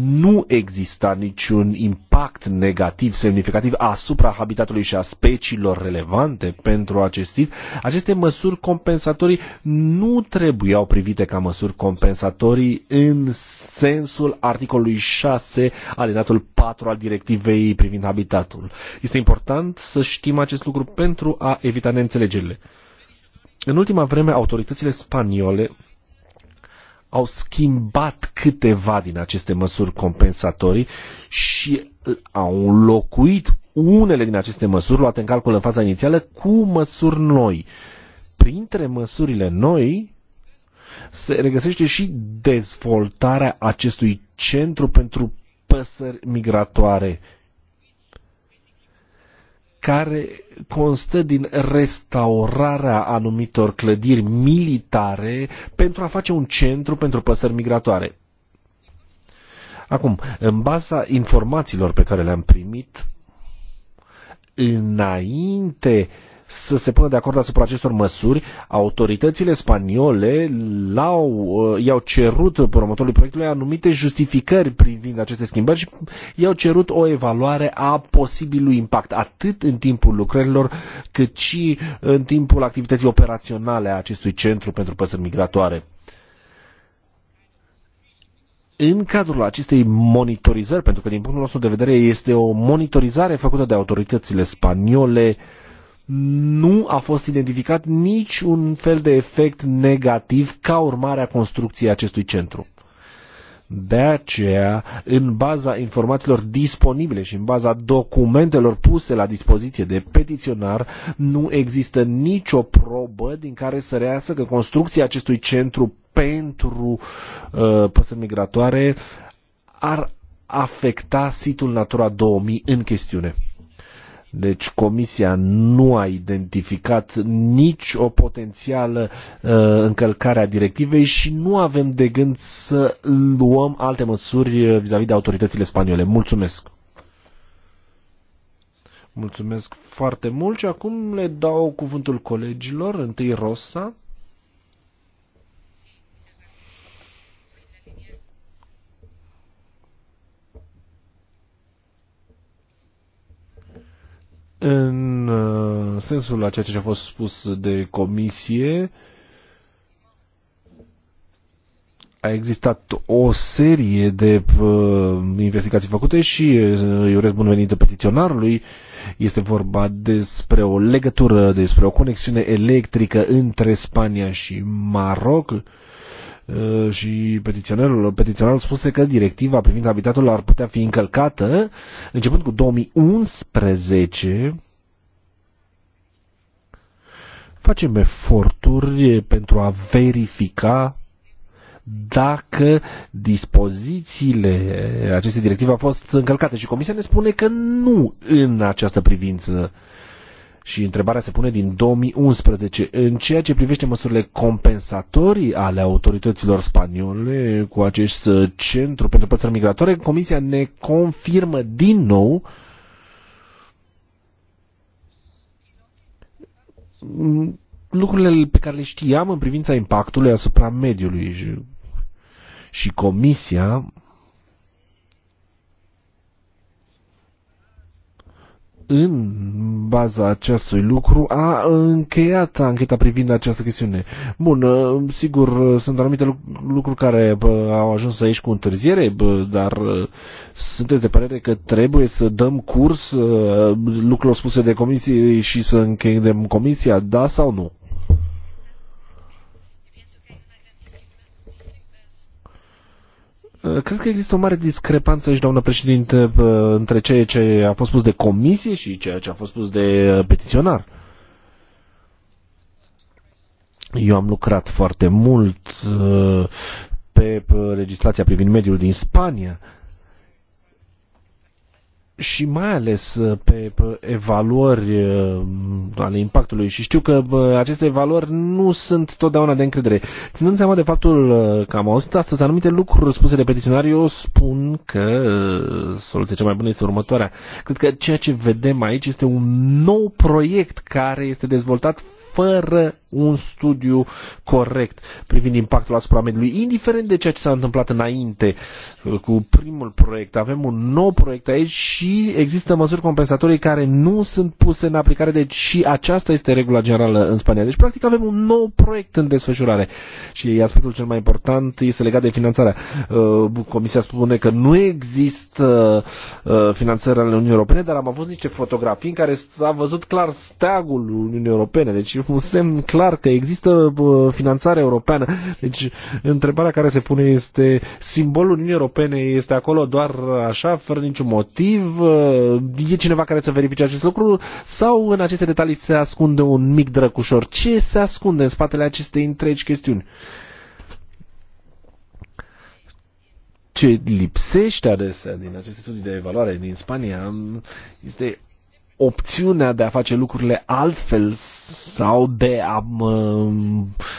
nu exista niciun impact negativ semnificativ asupra habitatului și a speciilor relevante pentru acest tip, aceste măsuri compensatorii nu trebuiau privite ca măsuri compensatorii în sensul articolului 6 alinatul 4 al directivei privind habitatul. Este important să știm acest lucru pentru a evita neînțelegerile. În ultima vreme, autoritățile spaniole au schimbat câteva din aceste măsuri compensatorii și au înlocuit unele din aceste măsuri luate în calcul în faza inițială cu măsuri noi. Printre măsurile noi se regăsește și dezvoltarea acestui centru pentru păsări migratoare care constă din restaurarea anumitor clădiri militare pentru a face un centru pentru păsări migratoare. Acum, în baza informațiilor pe care le-am primit, înainte uh, să se pună de acord asupra acestor măsuri. Autoritățile spaniole l-au, uh, i-au cerut promotorului proiectului anumite justificări privind aceste schimbări și i-au cerut o evaluare a posibilului impact, atât în timpul lucrărilor, cât și în timpul activității operaționale a acestui centru pentru păsări migratoare în cadrul acestei monitorizări, pentru că din punctul nostru de vedere este o monitorizare făcută de autoritățile spaniole uh, nu a fost identificat niciun fel de efect negativ ca urmare a construcției acestui centru. De aceea, în baza informațiilor disponibile și în baza documentelor puse la dispoziție de petiționar, nu există nicio probă din care să reasă că construcția acestui centru pentru uh, păsări migratoare ar afecta situl Natura 2000 în chestiune. Deci Comisia nu a identificat nici o potențială uh, încălcare a directivei și nu avem de gând să luăm alte măsuri vis-a-vis -vis de autoritățile spaniole. Mulțumesc! Mulțumesc foarte mult și acum le dau cuvântul colegilor, întâi Rosa. consensul la ceea ce a fost spus de comisie. A existat o serie de uh, investigații făcute și uh, îi urez bun venit de petiționarului. Este vorba despre o legătură, despre o conexiune electrică între Spania și Maroc. Uh, și petiționarul, petiționarul spuse că directiva privind habitatul ar putea fi încălcată începând cu 2011 Facem eforturi pentru a verifica dacă dispozițiile acestei directive au fost încălcate și Comisia ne spune că nu în această privință. Și întrebarea se pune din 2011. În ceea ce privește măsurile compensatorii ale autorităților spaniole cu acest centru pentru păsări migratoare, Comisia ne confirmă din nou uh, lucrurile pe care le știam în privința impactului asupra mediului și, și comisia în baza acestui lucru a încheiat ancheta privind această chestiune. Bun, uh, sigur, uh, sunt anumite lucruri care au ajuns aici cu întârziere, dar uh, sunteți de părere că trebuie să dăm curs lucrurilor spuse de comisie și să încheiem comisia, da sau nu? Uh, cred că există o mare discrepanță aici, doamnă președinte, uh, între ceea ce a fost spus de comisie și ceea ce a fost spus de uh, petiționar. Eu am lucrat foarte mult pe legislația privind mediul din Spania și mai ales uh, pe evaluări uh, ale impactului și știu că aceste evaluări nu sunt totdeauna de încredere. Ținând seama de faptul uh, că am auzit astăzi anumite lucruri spuse de petiționari, eu spun că soluția cea mai bună este următoarea. Cred că ceea ce vedem aici este un nou proiect care este dezvoltat fără un studiu corect privind impactul asupra mediului, indiferent de ceea ce s-a întâmplat înainte uh, cu primul proiect. Avem un nou proiect aici și există măsuri compensatorii care nu sunt puse în aplicare, deci și aceasta este regula generală în Spania. Deci, practic, avem un nou proiect în desfășurare și aspectul cel mai important este legat de finanțarea. Uh, Comisia spune că nu există uh, finanțări ale Uniunii Europene, dar am avut niște fotografii în care s-a văzut clar steagul Uniunii Europene, deci un semn clar că există finanțare europeană. Deci întrebarea care se pune este simbolul Uniunii Europene este acolo doar așa, fără niciun motiv? E cineva care să verifice acest lucru? Sau în aceste detalii se ascunde un mic drăcușor? Ce se ascunde în spatele acestei întregi chestiuni? ce lipsește adesea din aceste studii de evaluare din Spania este opțiunea de a face lucrurile altfel sau de a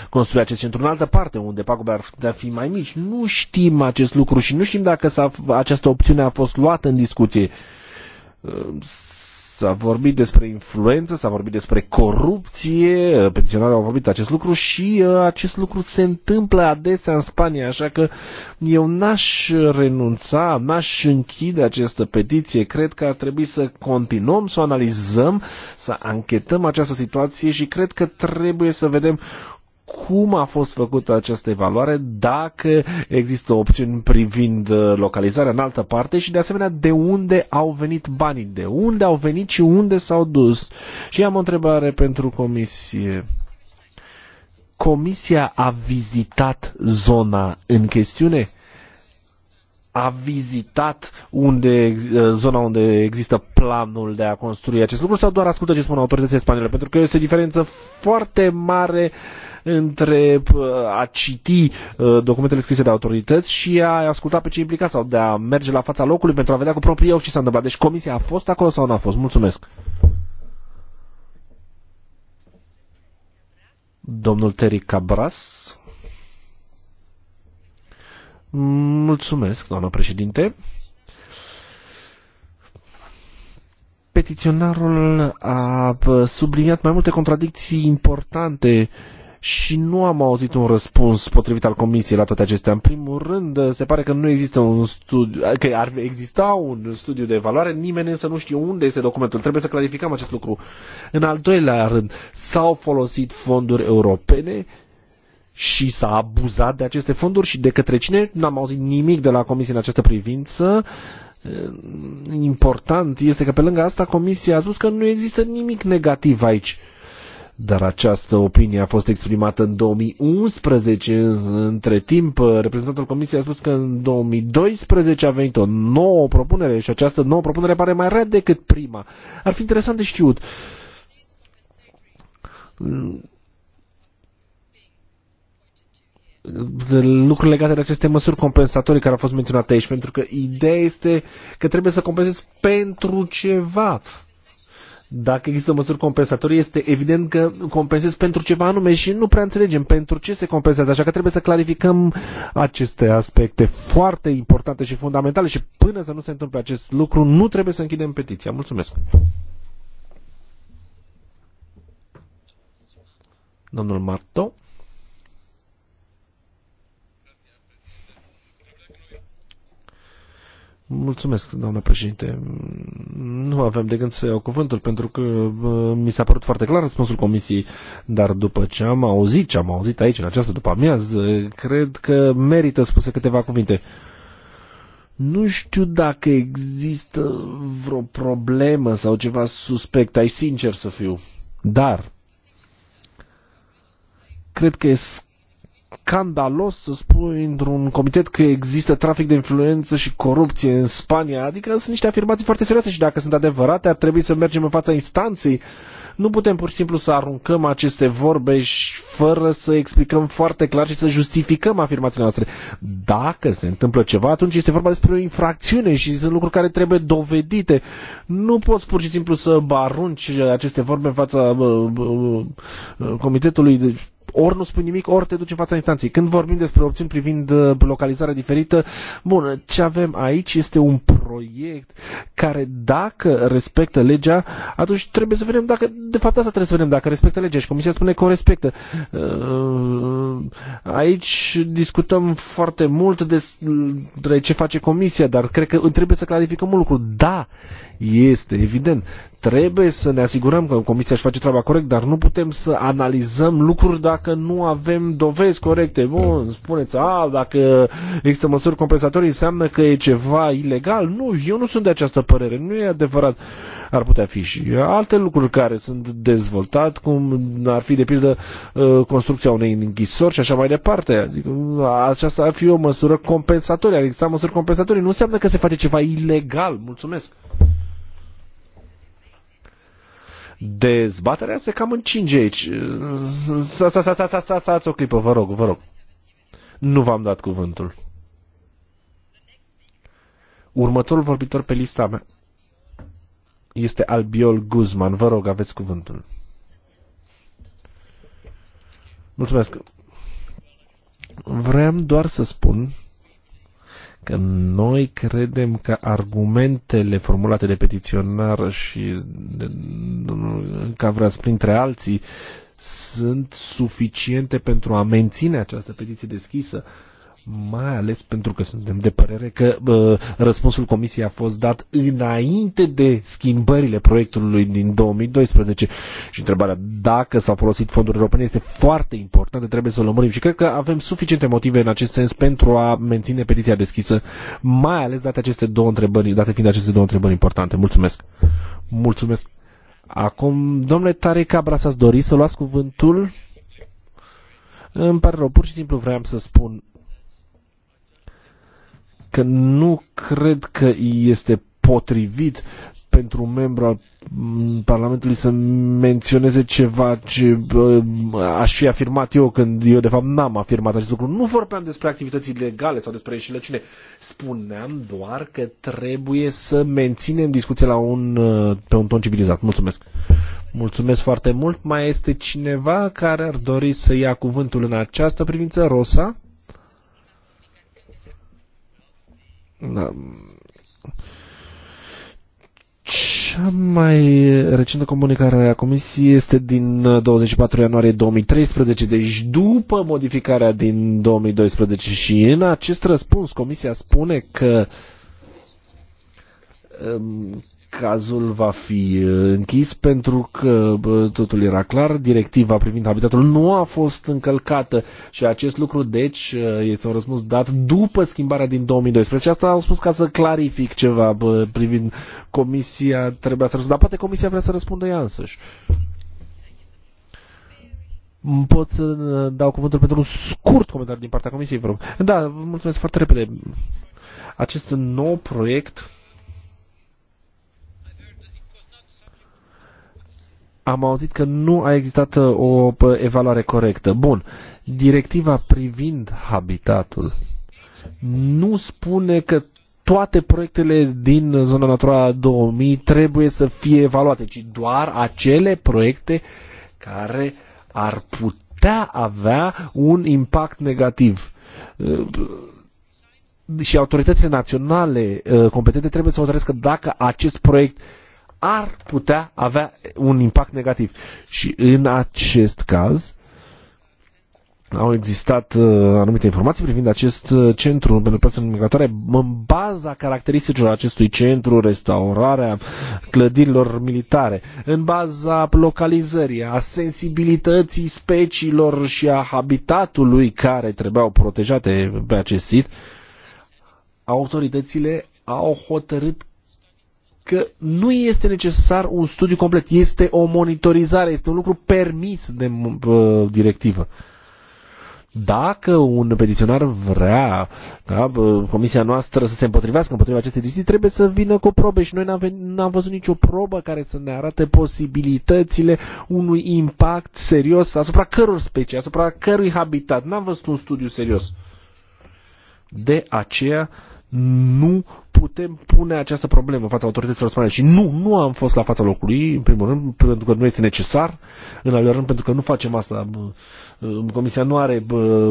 construi acest centru în altă parte, unde pagubele ar putea fi mai mici. Nu știm acest lucru și nu știm dacă această opțiune a fost luată în discuție S-a vorbit despre influență, s-a vorbit despre corupție, uh, petiționarii au vorbit acest lucru și uh, acest lucru se întâmplă adesea în Spania, așa că eu n-aș renunța, n-aș închide această petiție. Cred că ar trebui să continuăm să o analizăm, să anchetăm această situație și cred că trebuie să vedem cum a fost făcută această evaluare, dacă există opțiuni privind uh, localizarea în altă parte și de asemenea de unde au venit banii, de unde au venit și unde s-au dus. Și am o întrebare pentru comisie. Comisia a vizitat zona în chestiune? a vizitat unde, uh, zona unde există planul de a construi acest lucru sau doar ascultă ce spun autoritățile spaniole? Pentru că este o diferență foarte mare uh, între uh, a citi uh, documentele scrise de autorități și a asculta pe cei implicați sau de a merge la fața locului pentru a vedea cu proprii ochi ce s-a întâmplat. Deci comisia a fost acolo sau nu a fost? Mulțumesc. Domnul Terry Cabras. Mulțumesc, doamnă președinte. Petiționarul a subliniat mai multe contradicții importante uh, și nu am auzit un răspuns potrivit al Comisiei la toate acestea. În primul rând, se pare că nu există un studiu, că ar exista un studiu de evaluare, nimeni însă nu știe unde este documentul. Trebuie să clarificăm acest lucru. În al doilea rând, s-au folosit fonduri europene și s-a abuzat de aceste fonduri și de către cine? N-am auzit nimic de la Comisie în această privință. Important este că pe lângă asta Comisia a spus că nu există nimic negativ aici. Dar această opinie a fost exprimată în 2011. Între timp, reprezentantul Comisiei a spus că în 2012 a venit o nouă propunere și această nouă propunere pare mai rea decât prima. Ar fi interesant de știut lucruri legate de aceste măsuri compensatorii care au fost menționate aici, pentru că ideea este că trebuie să compensezi pentru ceva. Dacă există măsuri compensatorii, este evident că compensezi pentru ceva anume și nu prea înțelegem pentru ce se compensează, așa că trebuie să clarificăm aceste aspecte foarte importante și fundamentale și până să nu se întâmple acest lucru, nu trebuie să închidem petiția. Mulțumesc! Domnul Marto. Mulțumesc, doamnă președinte. Nu avem de gând să iau cuvântul, pentru că mi s-a părut foarte clar răspunsul comisiei, dar după ce am auzit ce am auzit aici, în această după amiază, cred că merită spuse câteva cuvinte. Nu știu dacă există vreo problemă sau ceva suspect, ai sincer să fiu, dar cred că e scandalos să spui într-un comitet că există trafic de influență și corupție în Spania. Adică sunt niște afirmații foarte serioase și dacă sunt adevărate, ar trebui să mergem în fața instanței. Nu putem pur și simplu să aruncăm aceste vorbe și fără să explicăm foarte clar și să justificăm afirmațiile noastre. Dacă se întâmplă ceva, atunci este vorba despre o infracțiune și sunt lucruri care trebuie dovedite. Nu poți pur și simplu să arunci aceste vorbe în fața uh, uh, comitetului de ori nu spui nimic, ori te duci în fața instanței. Când vorbim despre opțiuni privind uh, localizarea diferită, bun, ce avem aici este un proiect care dacă respectă legea, atunci trebuie să vedem dacă, de fapt asta trebuie să vedem, dacă respectă legea și Comisia spune că o respectă. Uh, aici discutăm foarte mult despre ce face Comisia, dar cred că trebuie să clarificăm un lucru. Da, este evident, Trebuie să ne asigurăm că Comisia își face treaba corect, dar nu putem să analizăm lucruri dacă nu avem dovezi corecte. Bun, spuneți, a, dacă există măsuri compensatorii înseamnă că e ceva ilegal. Nu, eu nu sunt de această părere, nu e adevărat. Ar putea fi și alte lucruri care sunt dezvoltat, cum ar fi, de pildă, uh, construcția unei închisori și așa mai departe. Adică, uh, aceasta ar fi o măsură compensatorie, adică măsuri compensatorii. Nu înseamnă că se face ceva ilegal. Mulțumesc! Dezbaterea se cam încinge aici. Stați o clipă, vă rog, vă rog. Nu v-am dat cuvântul. Următorul vorbitor pe lista mea este Albiol Guzman. Vă rog, aveți cuvântul. Mulțumesc. Vreau doar să spun că noi credem că argumentele formulate de petiționar și de domnul Cavreas printre alții sunt suficiente pentru a menține această petiție deschisă uh, mai ales pentru că suntem de părere că uh, răspunsul comisiei a fost dat înainte de schimbările proiectului din 2012 și întrebarea dacă s-au folosit fonduri europene este foarte importantă, trebuie să o lămurim și cred că avem suficiente motive în acest sens pentru a menține petiția deschisă, mai ales date aceste două întrebări, date fiind aceste două întrebări importante. Mulțumesc! Mulțumesc! Acum, domnule Tarek s ați dori să luați cuvântul? Îmi pare rău, pur și simplu vreau să spun că nu cred că este potrivit pentru un membru al Parlamentului să menționeze ceva ce aș fi afirmat eu când eu de fapt n-am afirmat acest lucru. Nu vorbeam despre activități ilegale sau despre înșelăciune. Spuneam doar că trebuie să menținem discuția la un, pe un ton civilizat. Mulțumesc! Mulțumesc foarte mult! Mai este cineva care ar dori să ia cuvântul în această privință? Rosa? Da. Cea mai recentă comunicare a Comisiei este din 24 uh, ianuarie 2013, deci după modificarea din 2012 și în acest răspuns Comisia spune că um, cazul va fi uh, închis pentru că totul era clar, directiva privind habitatul nu a fost încălcată și acest lucru deci uh, este un răspuns dat după schimbarea din 2012. Asta am spus ca să clarific ceva privind comisia trebuia să răspundă, dar poate comisia vrea să răspundă ea însăși. Pot să uh, dau cuvântul pentru un scurt comentariu din partea comisiei, vă rog. Da, mulțumesc foarte repede. Acest nou proiect am auzit că nu a existat uh, o evaluare corectă. Bun, directiva privind habitatul nu spune că toate proiectele din zona Natura 2000 trebuie să fie evaluate, ci doar acele proiecte care ar putea avea un impact negativ uh, și autoritățile naționale uh, competente trebuie să hotărăsc dacă acest proiect ar putea avea un impact negativ. Și în acest caz au existat uh, anumite informații privind acest uh, centru pentru persoane migratoare în baza caracteristicilor acestui centru, restaurarea clădirilor militare, în baza localizării, a sensibilității speciilor și a habitatului care trebuiau protejate pe acest sit, autoritățile au hotărât că nu este necesar un studiu complet, este o monitorizare, este un lucru permis de uh, directivă. Dacă un petiționar vrea da, comisia noastră să se împotrivească împotriva acestei decizii, trebuie să vină cu probe și noi n-am, văzut nicio probă care să ne arate posibilitățile unui impact serios asupra căror specie, asupra cărui habitat. N-am văzut un studiu serios. De aceea, uh, nu putem pune această problemă în fața autorităților spaniole. Și nu, nu am fost la fața locului, în primul rând, pentru că nu este necesar, în al doilea rând, pentru că nu facem asta. Comisia nu are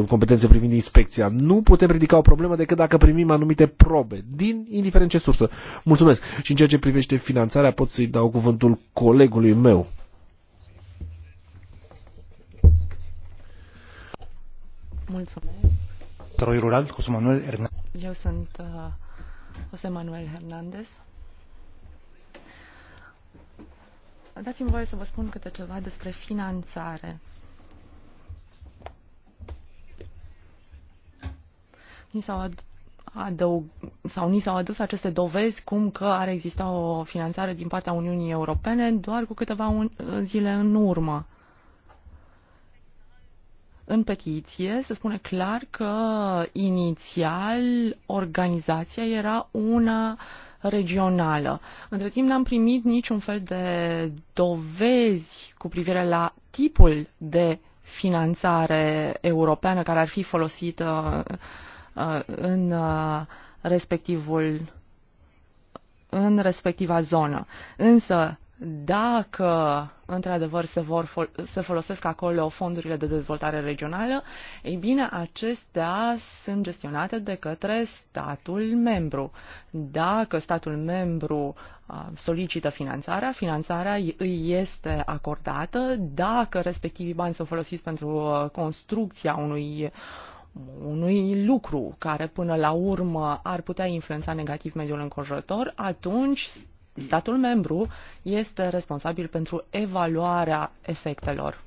competențe privind inspecția. Nu putem ridica o problemă decât dacă primim anumite probe, din indiferent ce sursă. Mulțumesc. Și în ceea ce privește finanțarea, pot să-i dau cuvântul colegului meu. Mulțumesc. Eu sunt uh, José Manuel Hernández. Dați-mi voie să vă spun câte ceva despre finanțare. Ni s-au sau ni s-au adus aceste dovezi cum că ar exista o finanțare din partea Uniunii Europene doar cu câteva un, zile în urmă în petiție se spune clar că inițial organizația era una regională. Între timp n-am primit niciun fel de dovezi cu privire la tipul de finanțare europeană care ar fi folosită uh, în uh, respectivul în respectiva zonă. Însă dacă într-adevăr se, vor fol- se folosesc acolo fondurile de dezvoltare regională, ei bine, acestea sunt gestionate de către statul membru. Dacă statul membru solicită finanțarea, finanțarea îi este acordată. Dacă respectivii bani sunt folosiți pentru construcția unui unui lucru care până la urmă ar putea influența negativ mediul înconjurător, atunci statul membru este responsabil pentru evaluarea efectelor.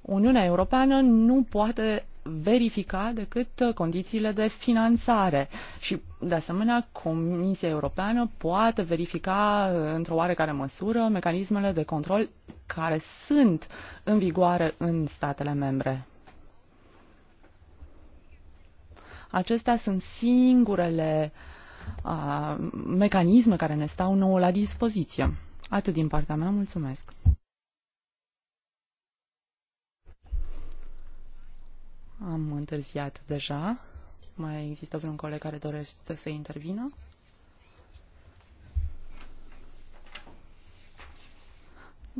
Uniunea Europeană nu poate verifica decât condițiile de finanțare și, de asemenea, Comisia Europeană poate verifica într-o oarecare măsură mecanismele de control care sunt în vigoare în statele membre. Acestea sunt singurele uh, mecanisme care ne stau nouă la dispoziție. Atât din partea mea, mulțumesc. Am întârziat deja. Mai există vreun coleg care dorește să intervină?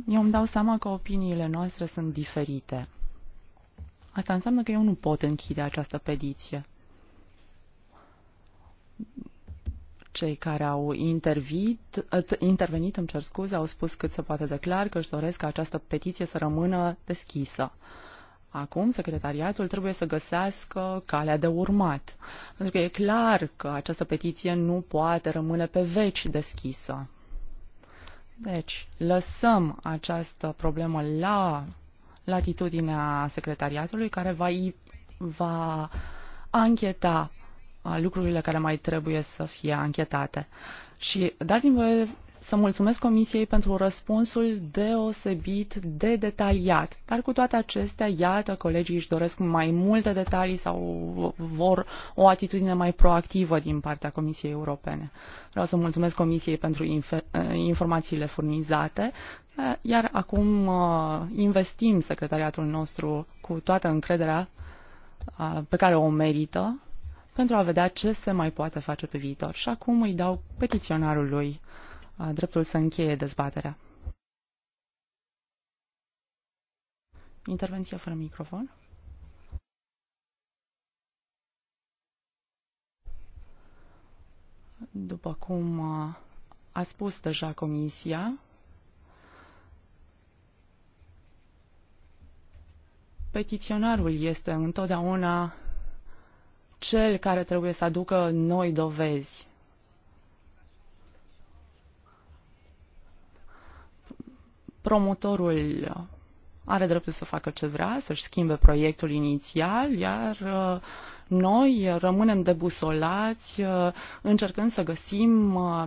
Eu îmi dau seama că opiniile noastre sunt diferite. Asta înseamnă că eu nu pot închide această petiție. Cei care au intervit, intervenit, îmi cer scuze, au spus cât se poate de clar că își doresc ca această petiție să rămână deschisă. Acum, secretariatul trebuie să găsească calea de urmat, pentru că e clar că această petiție nu poate rămâne pe veci deschisă. Deci, lăsăm această problemă la latitudinea secretariatului, care va, va ancheta lucrurile care mai trebuie să fie anchetate. Și dați-mi voie să mulțumesc Comisiei pentru răspunsul deosebit de detaliat. Dar cu toate acestea, iată, colegii își doresc mai multe detalii sau vor o atitudine mai proactivă din partea Comisiei Europene. Vreau să mulțumesc Comisiei pentru informațiile furnizate, iar acum uh, investim secretariatul nostru cu toată încrederea uh, pe care o merită pentru a vedea ce se mai poate face pe viitor. Și acum îi dau petiționarului uh, dreptul să încheie dezbaterea. Intervenție fără microfon. După cum uh, a spus deja Comisia, petiționarul este întotdeauna cel care trebuie să aducă noi dovezi. Promotorul are dreptul să facă ce vrea, să-și schimbe proiectul inițial, iar uh, noi rămânem debusolați uh, încercând să găsim uh,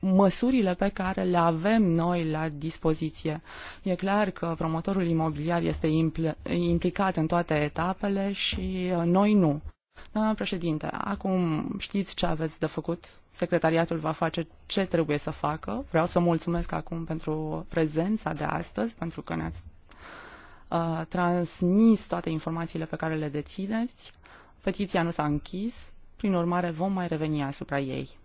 măsurile pe care le avem noi la dispoziție. E clar că promotorul imobiliar este impl- implicat în toate etapele și uh, noi nu. Doamna președinte, acum știți ce aveți de făcut. Secretariatul va face ce trebuie să facă. Vreau să mulțumesc acum pentru prezența de astăzi, pentru că ne-ați uh, transmis toate informațiile pe care le dețineți. Petiția nu s-a închis, prin urmare vom mai reveni asupra ei.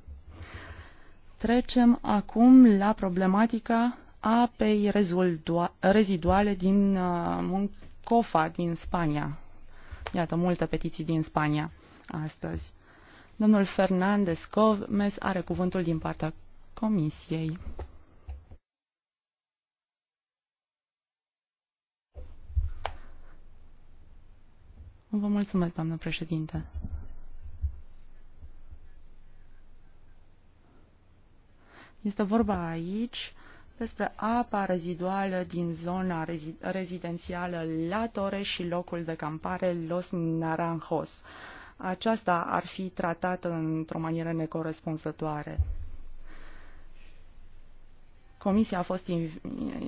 Trecem acum la problematica apei reziduale din uh, Moncofa, din Spania. Iată, multe petiții din Spania astăzi. Domnul Fernandez Covmes are cuvântul din partea Comisiei. Vă mulțumesc, doamnă președinte. Este vorba aici despre apa reziduală din zona rezidențială La Tore și locul de campare Los Naranjos. Aceasta ar fi tratată într-o manieră necorespunzătoare. Comisia a fost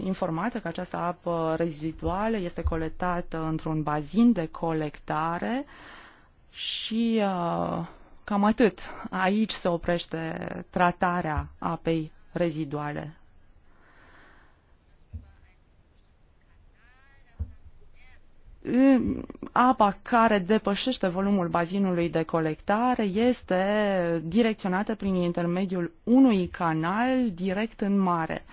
informată că această apă reziduală este colectată într-un bazin de colectare și uh, Cam atât. Aici se oprește tratarea apei reziduale. apa care depășește volumul bazinului de colectare este direcționată prin intermediul unui canal direct în mare.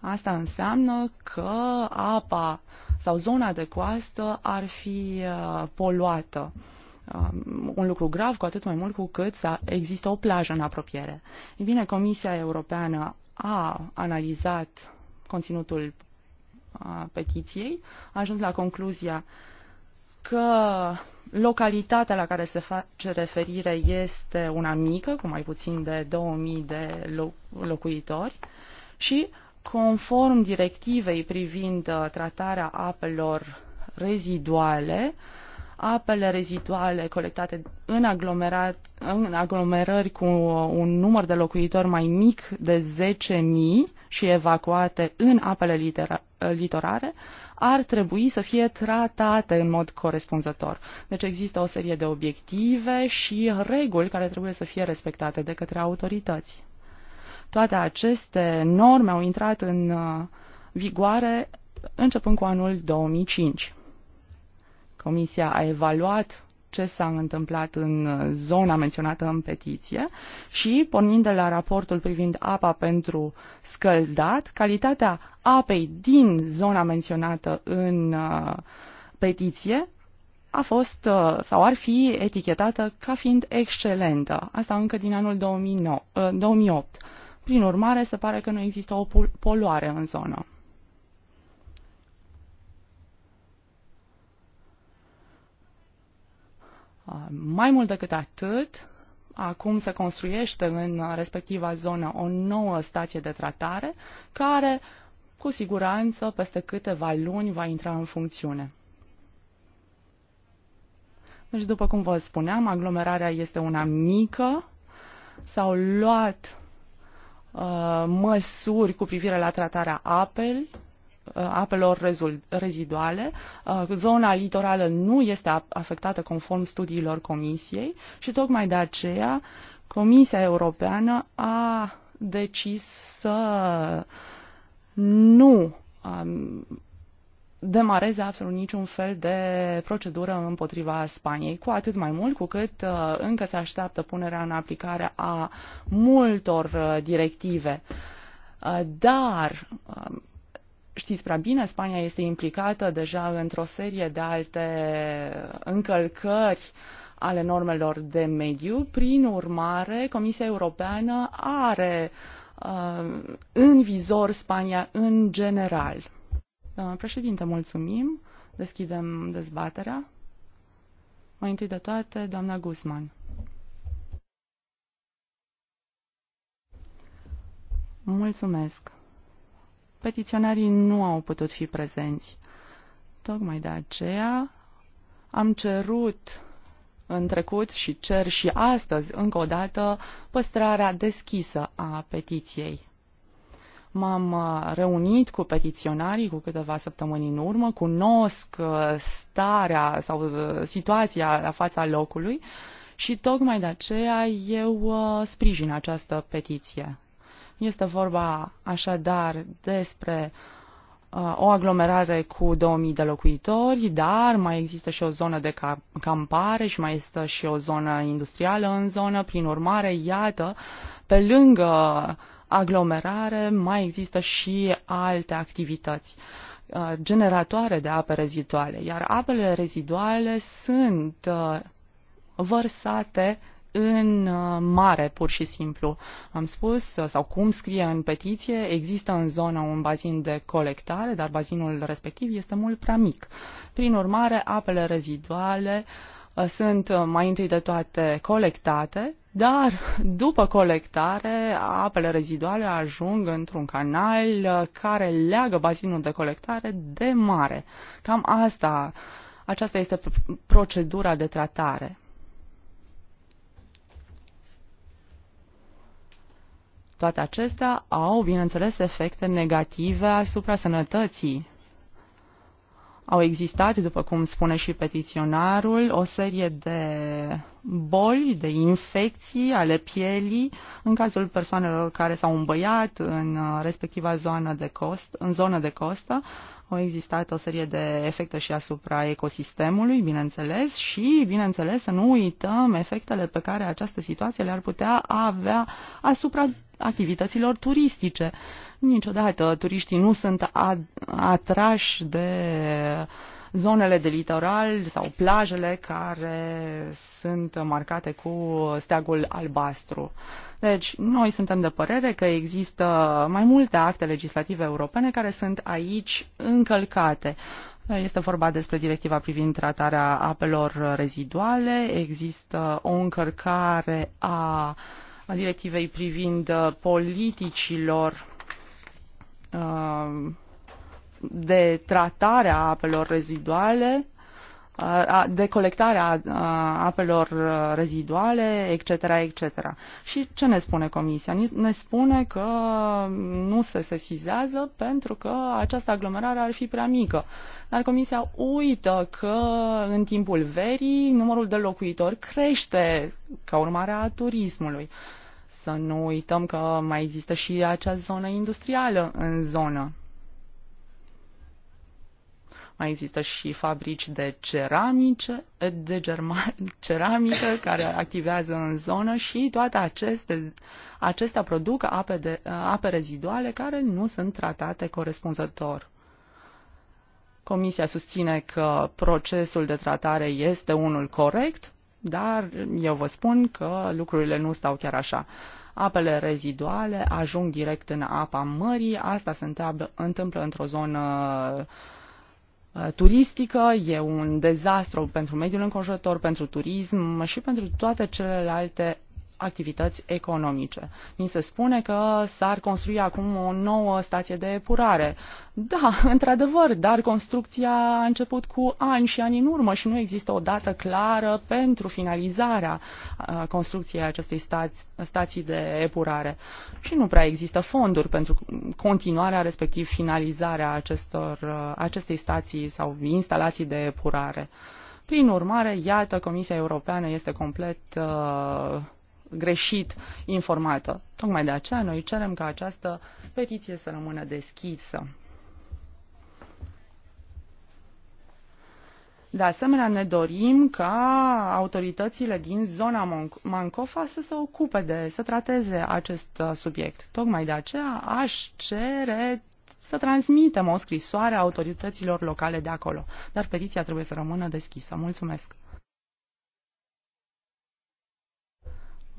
Asta înseamnă că apa sau zona de coastă ar fi uh, poluată. Uh, Um, un lucru grav, cu atât mai mult cu cât există o plajă în apropiere. Ei bine, Comisia Europeană a analizat conținutul petiției, a ajuns la concluzia că localitatea la care se face referire este una mică, cu mai puțin de 2000 de locuitori și conform directivei privind uh, tratarea apelor reziduale, uh, apele reziduale colectate în, aglomerat, în aglomerări cu un număr de locuitori mai mic de 10.000 și evacuate în apele litera, litorare ar trebui să fie tratate în mod corespunzător. Deci există o serie de obiective și reguli care trebuie să fie respectate de către autorități. Toate aceste norme au intrat în uh, vigoare începând cu anul 2005. Comisia a evaluat ce s-a întâmplat în zona menționată în petiție și, pornind de la raportul privind apa pentru scăldat, calitatea apei din zona menționată în uh, petiție a fost uh, sau ar fi etichetată ca fiind excelentă. Asta încă din anul 2009, 2008. Uh, Prin urmare, se pare că nu există o poluare în zonă. Uh, mai mult decât atât, acum se construiește în uh, respectiva zonă o nouă stație de tratare care cu siguranță peste câteva luni va intra în funcțiune. Deci, după cum vă spuneam, aglomerarea este una mică. S-au luat uh, măsuri cu privire la tratarea apei, Uh, apelor reziduale. Uh, zona litorală nu este afectată conform studiilor Comisiei și tocmai de aceea Comisia Europeană a decis să nu um, demareze absolut niciun fel de procedură împotriva Spaniei, cu atât mai mult cu cât uh, încă se așteaptă punerea în aplicare a multor directive. Dar um, Știți prea bine, Spania este implicată deja într-o serie de alte încălcări ale normelor de mediu. Prin urmare, Comisia Europeană are uh, în vizor Spania în general. Doamna președinte, mulțumim. Deschidem dezbaterea. Mai întâi de toate, doamna Guzman. Mulțumesc petiționarii nu au putut fi prezenți. Tocmai de aceea am cerut în trecut și cer și astăzi, încă o dată, păstrarea deschisă a petiției. M-am uh, reunit cu petiționarii cu câteva săptămâni în urmă, cunosc uh, starea sau uh, situația la fața locului și tocmai de aceea eu sprijin această petiție. Este vorba așadar despre uh, o aglomerare cu 2000 de locuitori, dar mai există și o zonă de campare și mai este și o zonă industrială în zonă. Prin urmare, iată, pe lângă aglomerare mai există și alte activități uh, generatoare de ape reziduale, iar apele reziduale sunt uh, vărsate în uh, mare, pur și simplu. Am spus, uh, sau cum scrie în petiție, există în zona un bazin de colectare, dar bazinul respectiv este mult prea mic. Prin urmare, apele reziduale uh, sunt mai întâi de toate colectate, dar după colectare, apele reziduale ajung într-un canal care leagă bazinul de colectare de mare. Cam asta, aceasta este procedura de tratare. Toate acestea au, bineînțeles, efecte negative asupra sănătății au existat, după cum spune și petiționarul, o serie de boli, de infecții ale pielii în cazul persoanelor care s-au îmbăiat în uh, respectiva zonă de cost, în zonă de costă. Au existat o serie de efecte și asupra ecosistemului, bineînțeles, și, bineînțeles, să nu uităm efectele pe care această situație le-ar putea avea asupra activităților turistice. Uh, Niciodată turiștii nu sunt atrași de zonele de litoral sau plajele care sunt marcate cu steagul albastru. Deci, noi suntem de părere că există mai multe acte legislative europene care sunt aici încălcate. Este vorba despre directiva privind tratarea apelor reziduale, există o încărcare a directivei privind politicilor Uh, de tratare a apelor reziduale, uh, de colectarea uh, apelor reziduale, etc., etc. Și ce ne spune Comisia? Ne spune că nu se sesizează pentru că această aglomerare ar fi prea mică. Dar Comisia uită că în timpul verii numărul de locuitori crește ca urmare a turismului. Uh, să nu uităm că mai există și acea zonă industrială în zonă. Mai există și fabrici de ceramice, de germa, ceramică care activează în zonă și toate aceste, acestea produc ape, de, ape reziduale care nu sunt tratate corespunzător. Comisia susține că procesul de tratare este unul corect, dar eu vă spun că lucrurile nu stau chiar așa. Apele reziduale ajung direct în apa mării, asta se întâmplă, întâmplă într-o zonă uh, turistică, e un dezastru pentru mediul înconjurător, pentru turism și pentru toate celelalte activități economice. Mi se spune că s-ar construi acum o nouă stație de epurare. Da, într-adevăr, dar construcția a început cu ani și ani în urmă și nu există o dată clară pentru finalizarea construcției acestei stați, stații de epurare. Și nu prea există fonduri pentru continuarea, respectiv finalizarea acestor, acestei stații sau instalații de epurare. Prin urmare, iată, Comisia Europeană este complet uh, greșit informată. Tocmai de aceea noi cerem ca această petiție să rămână deschisă. De asemenea, ne dorim ca autoritățile din zona Mancofa să se ocupe de, să trateze acest uh, subiect. Tocmai de aceea aș cere să transmitem o scrisoare a autorităților locale de acolo. Dar petiția trebuie să rămână deschisă. Mulțumesc!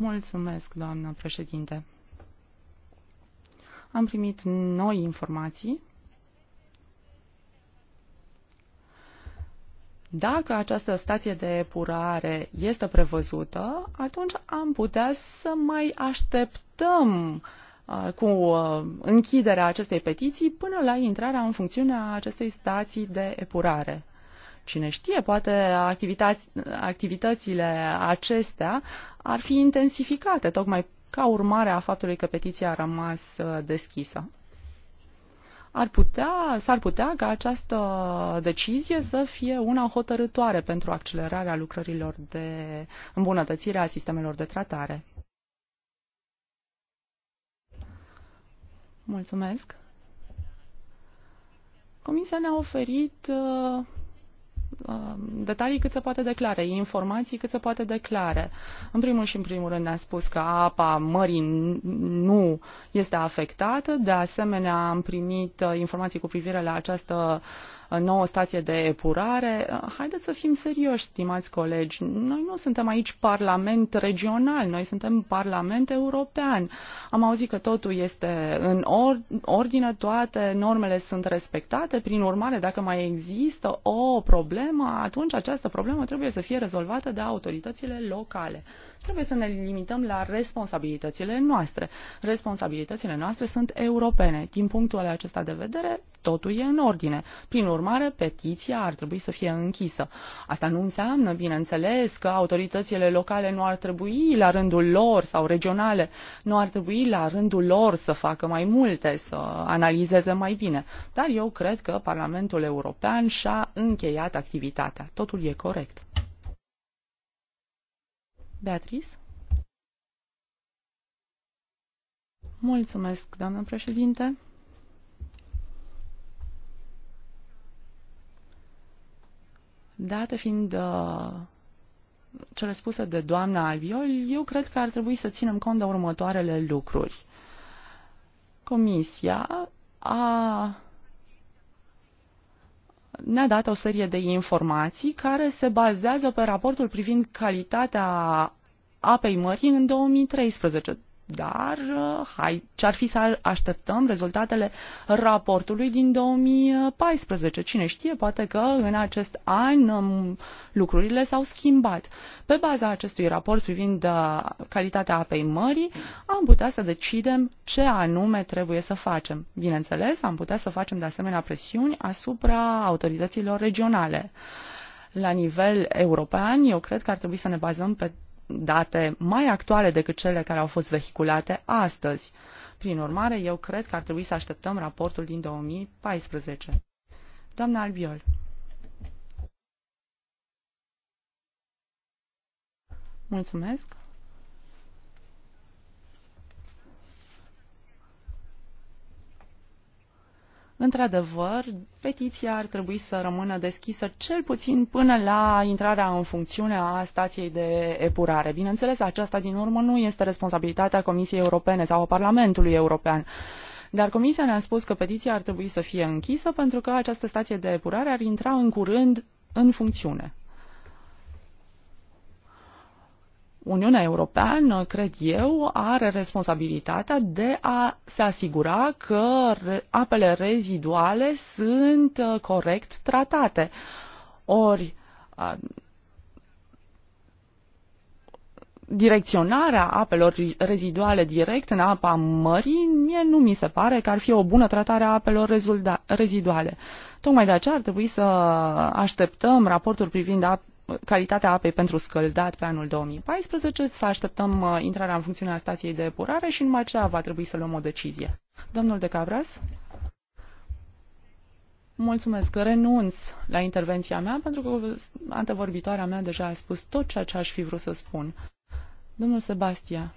Mulțumesc, doamnă președinte. Am primit noi informații. Dacă această stație de epurare este prevăzută, atunci am putea să mai așteptăm uh, cu uh, închiderea acestei petiții până la intrarea în funcțiune a acestei stații de epurare. Cine știe, poate activitățile acestea ar fi intensificate, tocmai ca urmare a faptului că petiția a rămas uh, deschisă. Ar putea, s-ar putea ca această decizie să fie una hotărătoare pentru accelerarea lucrărilor de îmbunătățire a sistemelor de tratare. Mulțumesc! Comisia ne-a oferit uh, Um, detalii cât se poate declare, informații cât se poate declare. În primul și în primul rând ne-a spus că apa mării nu este afectată, de asemenea am primit uh, informații cu privire la această uh, nouă stație de epurare. Haideți să fim serioși, stimați colegi. Noi nu suntem aici parlament regional, noi suntem parlament european. Am auzit că totul este în ordine, toate normele sunt respectate, prin urmare, dacă mai există o problemă, atunci această problemă trebuie să fie rezolvată de autoritățile locale. Trebuie să ne limităm la responsabilitățile noastre. Responsabilitățile noastre sunt europene. Din punctul acesta de vedere, totul e în ordine. Prin urmare, petiția ar trebui să fie închisă. Asta nu înseamnă, bineînțeles, că autoritățile locale nu ar trebui la rândul lor sau regionale, nu ar trebui la rândul lor să facă mai multe, să analizeze mai bine. Dar eu cred că Parlamentul European și-a încheiat activitatea. Totul e corect. Beatrice? Mulțumesc, doamnă președinte. Date fiind uh, cele spuse de doamna Albiol, eu cred că ar trebui să ținem cont de următoarele lucruri. Comisia a ne-a dat o serie de informații care se bazează pe raportul privind calitatea apei mării în 2013. Dar uh, hai, ce-ar fi să așteptăm rezultatele raportului din 2014? Cine știe, poate că în acest an um, lucrurile s-au schimbat. Pe baza acestui raport privind uh, calitatea apei mării, am putea să decidem ce anume trebuie să facem. Bineînțeles, am putea să facem de asemenea presiuni asupra autorităților regionale la nivel european, eu cred că ar trebui să ne bazăm pe date mai actuale decât cele care au fost vehiculate astăzi. Prin urmare, eu cred că ar trebui să așteptăm raportul din 2014. Doamna Albiol. Mulțumesc. Într-adevăr, petiția ar trebui să rămână deschisă cel puțin până la intrarea în funcțiune a stației de epurare. Bineînțeles, aceasta din urmă nu este responsabilitatea Comisiei Europene sau a Parlamentului European. Dar Comisia ne-a spus că petiția ar trebui să fie închisă pentru că această stație de epurare ar intra în curând în funcțiune. Uniunea Europeană, cred eu, are responsabilitatea de a se asigura că apele reziduale sunt uh, corect tratate. Ori uh, direcționarea apelor reziduale direct în apa mării, mie nu mi se pare că ar fi o bună tratare a apelor reziduale. Tocmai de aceea ar trebui să așteptăm raportul privind ap calitatea apei pentru scăldat pe anul 2014, să așteptăm uh, intrarea în funcțiune a stației de epurare și numai aceea va trebui să luăm o decizie. Domnul de Cabras? Mulțumesc, renunț la intervenția mea pentru că antevorbitoarea mea deja a spus tot ceea ce aș fi vrut să spun. Domnul Sebastia.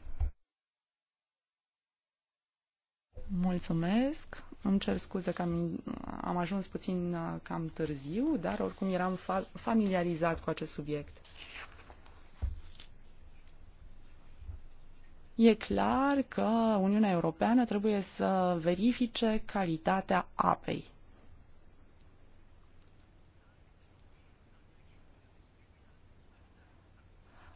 Mulțumesc. Îmi cer scuze că am, am ajuns puțin uh, cam târziu, dar oricum eram fa- familiarizat cu acest subiect. E clar că Uniunea Europeană trebuie să verifice calitatea apei.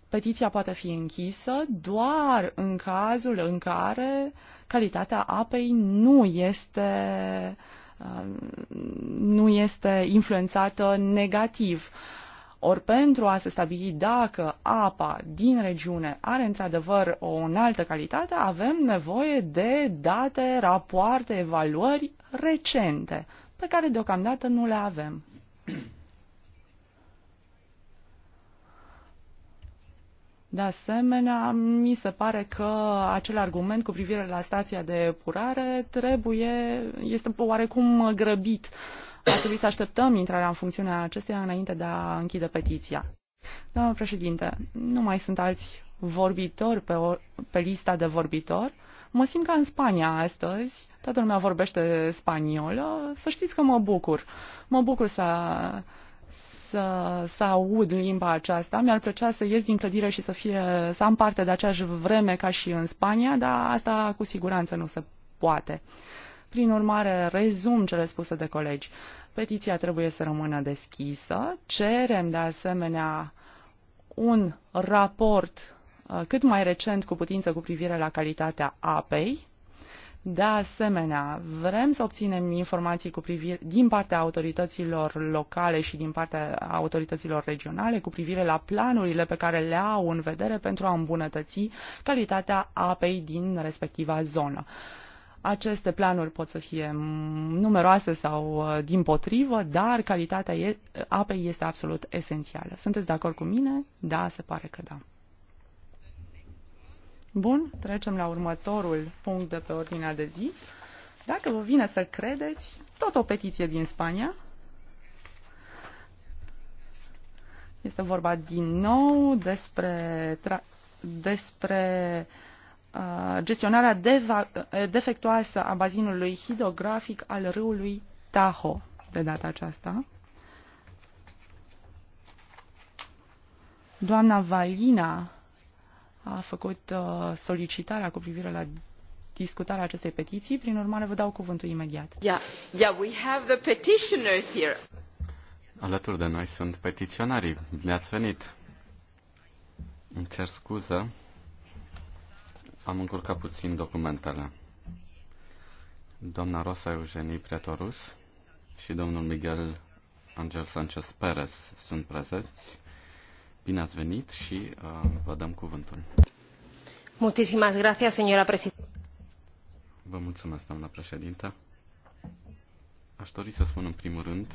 Petiția poate fi închisă doar în cazul în care uh, calitatea apei nu este, uh, nu este influențată negativ. Ori pentru a se stabili dacă apa din regiune are într-adevăr o înaltă calitate, avem nevoie de date, rapoarte, evaluări recente, pe care deocamdată nu le avem. De asemenea, mi se pare că acel argument cu privire la stația de epurare trebuie, este oarecum grăbit. Ar trebui să așteptăm intrarea în funcțiune a acesteia înainte de a închide petiția. Doamna președinte, nu mai sunt alți vorbitori pe, o, pe lista de vorbitori. Mă simt ca în Spania astăzi, toată lumea vorbește spaniolă, să știți că mă bucur. Mă bucur să să, să aud limba aceasta. Mi-ar plăcea să ies din clădire și să, fie, să am parte de aceeași vreme ca și în Spania, dar asta cu siguranță nu se poate. Prin urmare, rezum cele spuse de colegi. Petiția trebuie să rămână deschisă. Cerem, de asemenea, un raport uh, cât mai recent cu putință cu privire la calitatea apei de asemenea, vrem să obținem informații cu privire, din partea autorităților locale și din partea autorităților regionale cu privire la planurile pe care le au în vedere pentru a îmbunătăți calitatea apei din respectiva zonă. Aceste planuri pot să fie numeroase sau uh, din potrivă, dar calitatea apei este absolut esențială. Sunteți de acord cu mine? Da, se pare că da. Bun, trecem la următorul punct de pe ordinea de zi. Dacă vă vine să credeți, tot o petiție din Spania. Este vorba din nou despre, despre uh, gestionarea deva, defectuoasă a bazinului hidrografic al râului Tajo de data aceasta. Doamna Valina a făcut uh, solicitarea cu privire la discutarea acestei petiții. Prin urmare, vă dau cuvântul imediat. Yeah. Yeah, we have the petitioners here. Alături de noi sunt petiționarii. Bine ați venit! Îmi cer scuză. Am încurcat puțin documentele. Doamna Rosa Eugenie Pretorus și domnul Miguel Angel Sanchez Perez sunt prezenți. Bine ați venit și uh, vă dăm cuvântul. Muchísimas gracias, señora presidenta. Vă mulțumesc, doamna președinte. Aș dori să spun în primul rând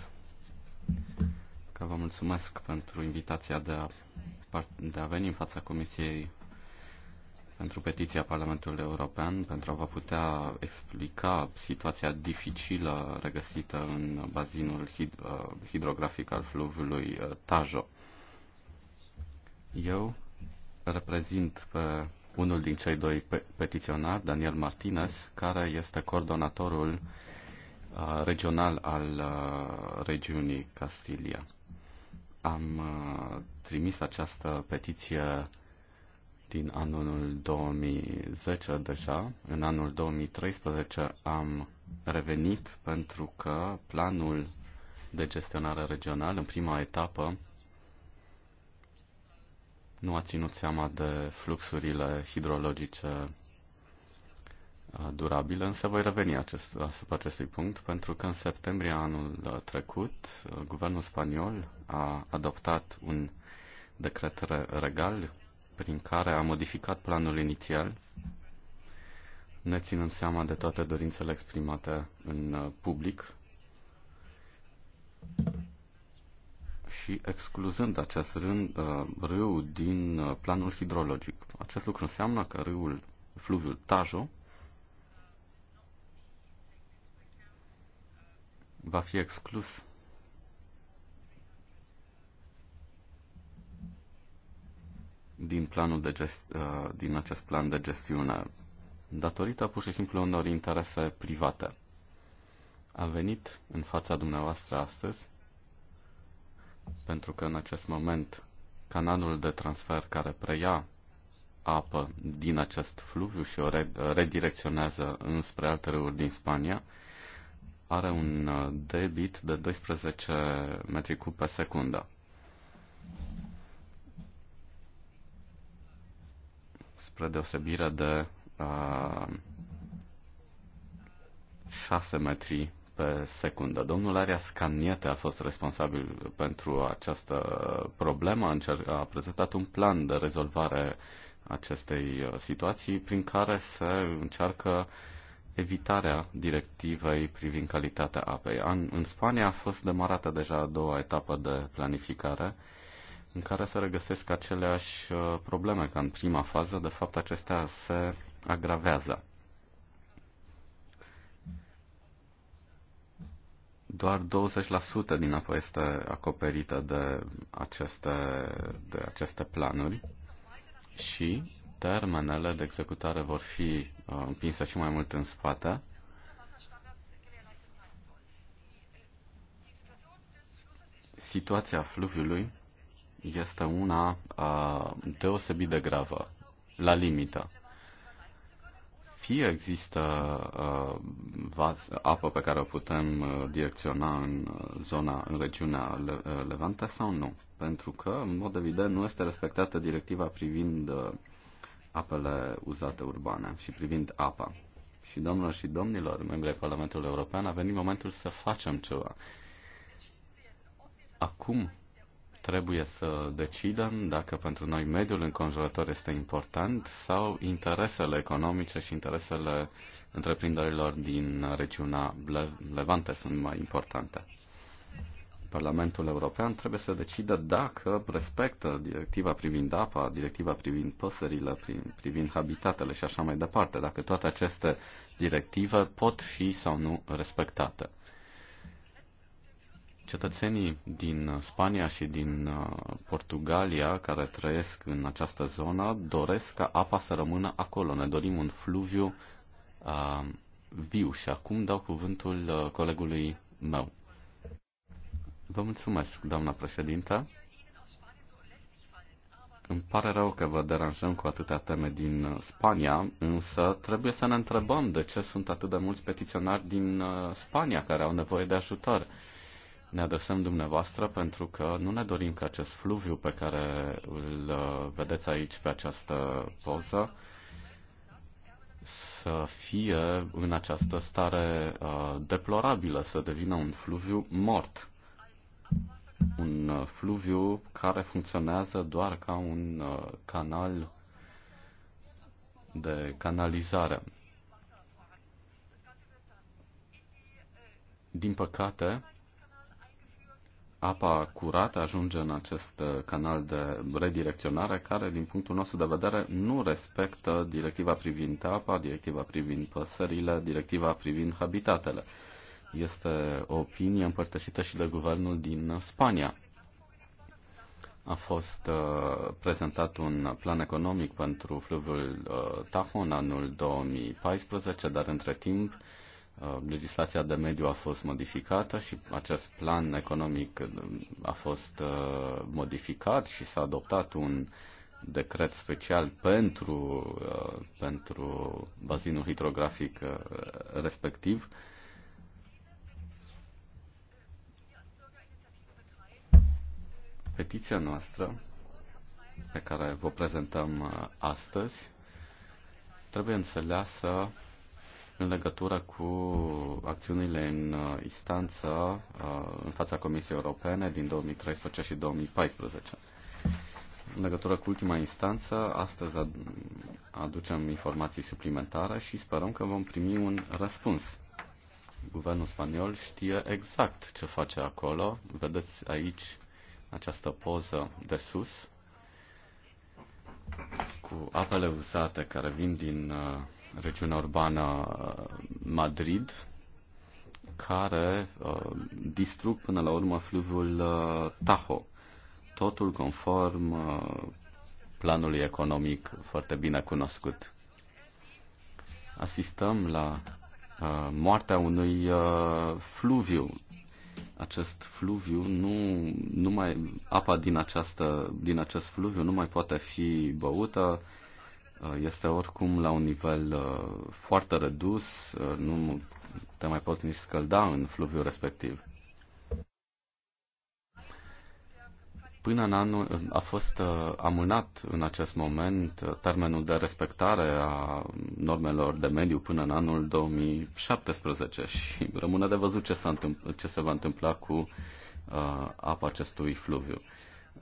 că vă mulțumesc pentru invitația de a, de a veni în fața Comisiei pentru petiția Parlamentului European pentru a vă putea explica situația dificilă regăsită în bazinul hid- uh, hidrografic al fluviului uh, Tajo. Eu reprezint pe unul din cei doi petiționari, Daniel Martinez, care este coordonatorul uh, regional al uh, regiunii Castilia. Am uh, trimis această petiție din anul 2010 deja. În anul 2013 am revenit pentru că planul de gestionare regională, în prima etapă nu a ținut seama de fluxurile hidrologice uh, durabile, însă voi reveni acest, asupra acestui punct, pentru că în septembrie anul trecut, uh, guvernul spaniol a adoptat un decret regal prin care a modificat planul inițial, ne ținând seama de toate dorințele exprimate în uh, public și excluzând acest rând, uh, râu din uh, planul hidrologic. Acest lucru înseamnă că râul, fluviul Tajo, va fi exclus din, planul de gest, uh, din acest plan de gestiune, datorită pur și simplu unor interese private. Am venit în fața dumneavoastră astăzi pentru că în acest moment canalul de transfer care preia apă din acest fluviu și o redirecționează înspre alte râuri din Spania, are un uh, debit de 12 metri cub pe secundă. Spre deosebire de uh, 6 metri pe secundă. Domnul Arias Caniete a fost responsabil pentru această problemă, a prezentat un plan de rezolvare acestei uh, situații prin care se încearcă evitarea directivei privind calitatea apei. în Spania a fost demarată deja a doua etapă de planificare în care se regăsesc aceleași uh, probleme ca în prima fază, de fapt acestea se agravează. doar 20% din apă este acoperită de aceste, de aceste planuri și termenele de executare vor fi uh, împinse și mai mult în spate. Situația fluviului este una uh, deosebit de gravă, la limită. Fie există uh, vas, apă pe care o putem uh, direcționa în uh, zona, în regiunea Levante sau nu. Pentru că, în mod evident, nu este respectată directiva privind apele uzate urbane și privind apa. Și domnilor și domnilor, membrii Parlamentului European, a venit momentul să facem ceva. Acum Trebuie să decidem dacă pentru noi mediul înconjurător este important sau interesele economice și interesele întreprinderilor din regiunea Levante sunt mai importante. Parlamentul European trebuie să decidă dacă respectă directiva privind apa, directiva privind păsările, privind habitatele și așa mai departe, dacă toate aceste directive pot fi sau nu respectate. Cetățenii din Spania și din uh, Portugalia care trăiesc în această zonă doresc ca apa să rămână acolo. Ne dorim un fluviu uh, viu și acum dau cuvântul uh, colegului meu. Vă mulțumesc, doamna președintă. Îmi pare rău că vă deranjăm cu atâtea teme din uh, Spania, însă trebuie să ne întrebăm de ce sunt atât de mulți petiționari din Spania care au nevoie de ajutor ne adresăm dumneavoastră pentru că nu ne dorim ca acest fluviu pe care îl uh, vedeți aici pe această poză să fie în această stare uh, deplorabilă, să devină un fluviu mort. Un uh, fluviu care funcționează doar ca un canal de canalizare. Din păcate, apa curată ajunge în acest uh, canal de redirecționare care, din punctul nostru de vedere, nu respectă directiva privind apa, directiva privind păsările, directiva privind habitatele. Este o opinie împărtășită și de guvernul din Spania. A fost uh, prezentat un plan economic pentru fluviul uh, Tahon anul 2014, dar între timp uh, Uh, legislația de mediu a fost modificată și acest plan economic uh, a fost uh, modificat și s-a adoptat un decret special pentru, pentru bazinul hidrografic respectiv. Petiția noastră pe care vă prezentăm astăzi trebuie înțeleasă în legătură cu acțiunile în uh, instanță uh, în fața Comisiei Europene din 2013 și 2014. În legătură cu ultima instanță, astăzi aducem informații suplimentare și sperăm că vom primi un răspuns. Guvernul spaniol știe exact ce face acolo. Vedeți aici această poză de sus cu apele uzate care vin din uh, regiunea urbană uh, Madrid, care uh, distrug până la urmă fluviul uh, Tajo, Totul conform uh, planului economic foarte bine cunoscut. Asistăm la uh, moartea unui uh, fluviu. Acest fluviu nu, nu mai apa din, această, din acest fluviu nu mai poate fi băută, uh, Uh, este oricum la un nivel uh, foarte redus, uh, nu te mai poți nici scălda în fluviul respectiv. Până în anul a fost amânat în acest moment termenul de respectare a normelor de mediu până în anul 2017 și rămâne de văzut ce, întâmpl- ce se va întâmpla cu uh, apa acestui fluviu.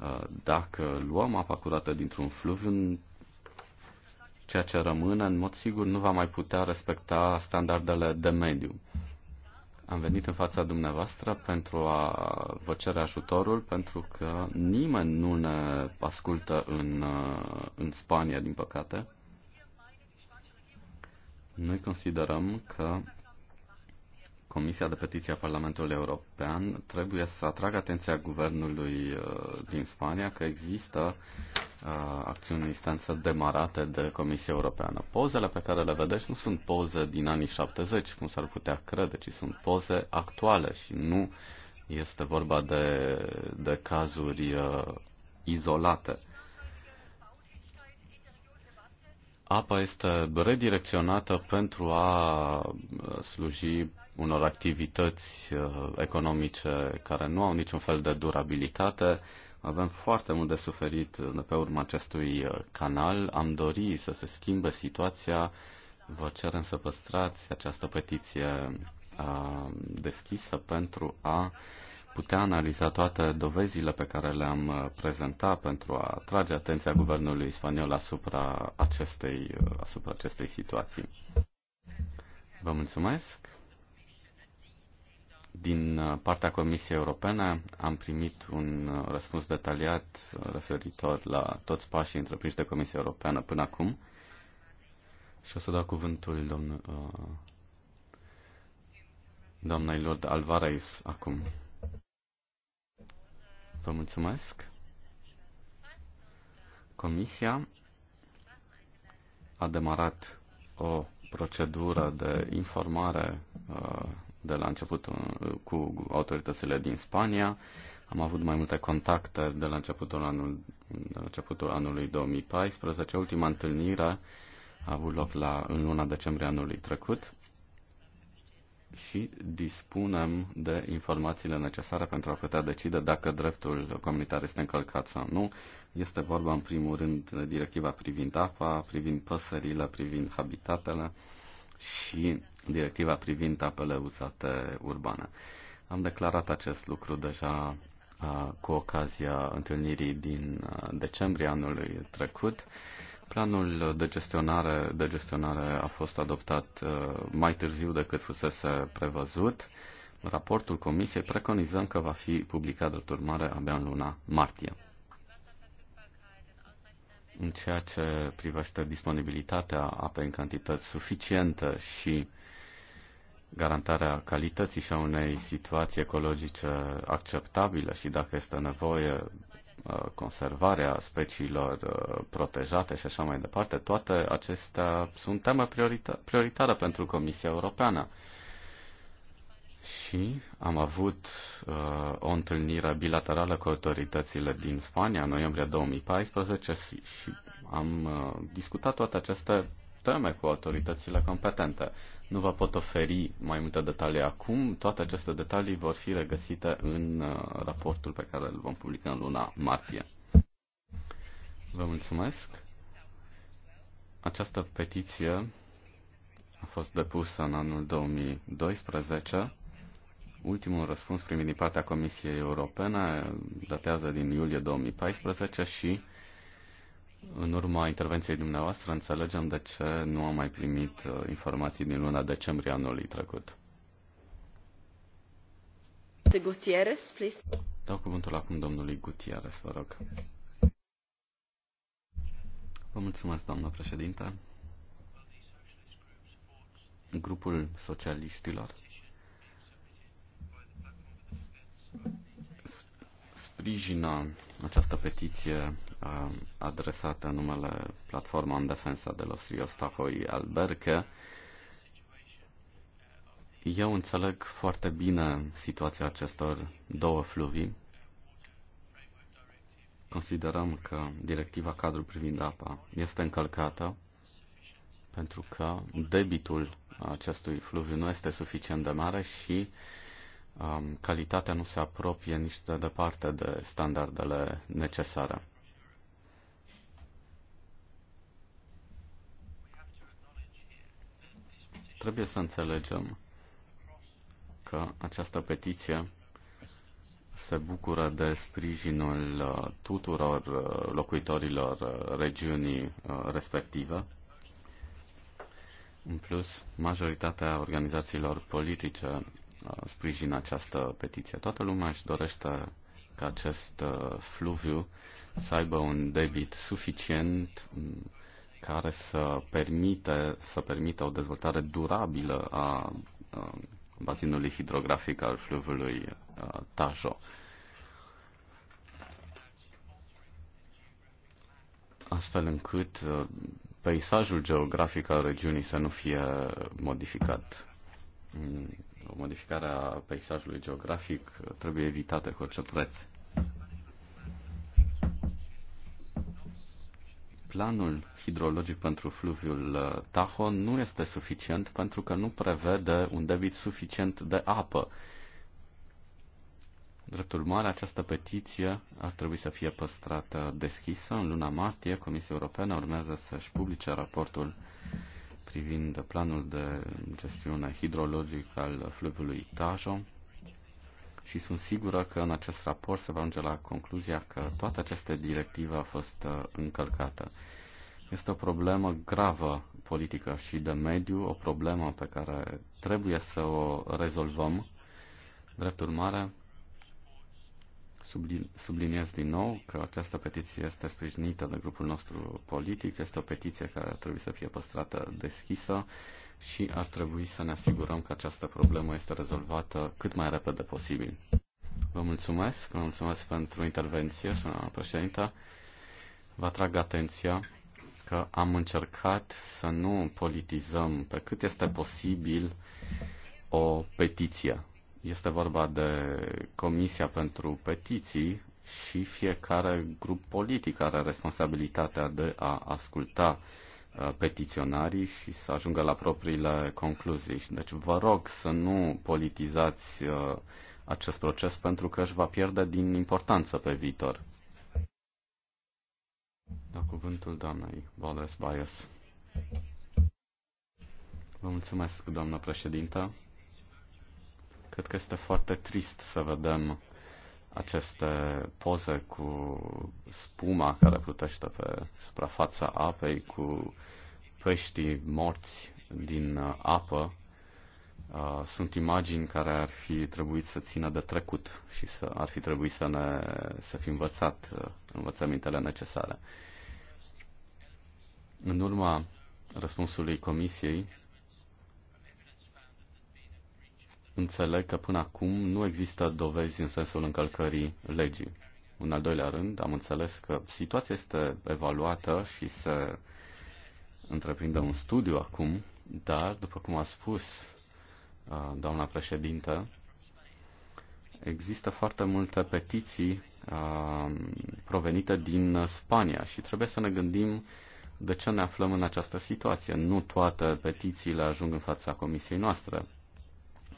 Uh, dacă luăm apa curată dintr-un fluviu, ceea ce rămâne, în mod sigur, nu va mai putea respecta standardele de mediu. Am venit în fața dumneavoastră pentru a vă cere ajutorul, pentru că nimeni nu ne ascultă în, în Spania, din păcate. Noi considerăm că Comisia de Petiție a Parlamentului European trebuie să atragă atenția guvernului uh, din Spania că există uh, acțiuni în instanță demarate de Comisia Europeană. Pozele pe care le vedeți nu sunt poze din anii 70, cum s-ar putea crede, ci sunt poze actuale și nu este vorba de, de cazuri uh, izolate. apa este redirecționată pentru a uh, sluji unor activități uh, economice care nu au niciun fel de durabilitate. Avem foarte mult de suferit de pe urma acestui uh, canal. Am dori să se schimbe situația. Vă cerem să păstrați această petiție deschisă pentru a putea analiza toate dovezile pe care le-am uh, prezentat pentru a atrage atenția guvernului spaniol asupra acestei, uh, asupra acestei situații. Vă mulțumesc. Din uh, partea Comisiei Europene am primit un răspuns detaliat referitor la toți pașii întreprinși de Comisia Europeană până acum. Și o să dau cuvântul domn, doamnei Lord Alvarez acum. Vă mulțumesc. Comisia a demarat o procedură de informare uh, de la început uh, cu autoritățile din Spania. Am avut mai multe contacte de la începutul, anul, de la începutul anului 2014. Ultima întâlnire a avut loc la, în luna decembrie anului trecut și dispunem de informațiile necesare pentru a putea decide dacă dreptul comunitar este încălcat sau nu. Este vorba în primul rând de directiva privind apa, privind păsările, privind habitatele și directiva privind apele uzate urbane. Am declarat acest lucru deja cu ocazia întâlnirii din decembrie anului trecut. Planul de gestionare, de gestionare a fost adoptat uh, mai târziu decât fusese prevăzut. Raportul Comisiei preconizăm că va fi publicat drept urmare abia în luna martie. În ceea ce privește disponibilitatea apei în cantități suficiente și garantarea calității și a unei situații ecologice acceptabile și, dacă este nevoie, Uh, conservarea speciilor uh, protejate și așa mai departe, toate acestea sunt teme priorita- prioritară pentru Comisia Europeană. Și am avut uh, o întâlnire bilaterală cu autoritățile din Spania în noiembrie 2014 și, și am uh, discutat toate aceste teme cu autoritățile competente. Nu vă pot oferi mai multe detalii acum. Toate aceste detalii vor fi regăsite în uh, raportul pe care îl vom publica în luna martie. Vă mulțumesc. Această petiție a fost depusă în anul 2012. Ultimul răspuns primit din partea Comisiei Europene datează din iulie 2014 și în urma intervenției dumneavoastră înțelegem de ce nu am mai primit uh, informații din luna decembrie anului trecut. De Gutierrez, please. Dau cuvântul acum domnului Gutierrez, vă rog. Vă mulțumesc, doamnă președinte. Grupul socialiștilor sprijină această petiție adresată în numele Platforma în Defensa de los Iostahoi Alberche. Eu înțeleg foarte bine situația acestor două fluvii. Considerăm că directiva cadru privind apa este încălcată pentru că debitul acestui fluviu nu este suficient de mare și um, calitatea nu se apropie nici de departe de standardele necesare. Trebuie să înțelegem că această petiție se bucură de sprijinul uh, tuturor uh, locuitorilor uh, regiunii respective. În plus, majoritatea organizațiilor politice sprijină această petiție. Toată lumea își dorește ca acest fluviu să aibă un debit suficient care să permite, să permite o dezvoltare durabilă a, a bazinului hidrografic al fluviului Tajo. Astfel încât peisajul geografic al regiunii să nu fie modificat. Mm, o modificare a peisajului geografic trebuie evitată cu orice preț. planul hidrologic pentru fluviul uh, Tahoe nu este suficient pentru că nu prevede un debit suficient de apă. Drept urmare, această petiție ar trebui să fie păstrată deschisă. În luna martie, Comisia Europeană urmează să-și publice raportul privind planul de gestiune hidrologic al fluviului Tajo, și sunt sigură că în acest raport se va ajunge la concluzia că toată această directivă a fost uh, încălcată. Este o problemă gravă politică și de mediu, o problemă pe care trebuie să o rezolvăm. Drept urmare, subliniez din nou că această petiție este sprijinită de grupul nostru politic, este o petiție care trebuie să fie păstrată deschisă și ar trebui să ne asigurăm că această problemă este rezolvată cât mai repede posibil. Vă mulțumesc, vă mulțumesc pentru intervenție, doamna președinte. Vă atrag atenția că am încercat să nu politizăm pe cât este posibil o petiție. Este vorba de Comisia pentru Petiții și fiecare grup politic are responsabilitatea de a asculta Uh, petiționarii și să ajungă la propriile concluzii. Deci vă rog să nu politizați uh, acest proces pentru că își va pierde din importanță pe viitor. La cuvântul doamnei Valdes Bias. Vă mulțumesc, doamnă președintă. Cred că este foarte trist să vedem aceste poze cu spuma care plutește pe suprafața apei, cu peștii morți din uh, apă, uh, sunt imagini care ar fi trebuit să țină de trecut și să ar fi trebuit să ne să fi învățat uh, învățămintele necesare. În urma răspunsului comisiei, înțeleg că până acum nu există dovezi în sensul încălcării legii. În al doilea rând, am înțeles că situația este evaluată și se întreprinde un studiu acum, dar, după cum a spus uh, doamna președinte, există foarte multe petiții uh, provenite din Spania și trebuie să ne gândim de ce ne aflăm în această situație. Nu toate petițiile ajung în fața comisiei noastre.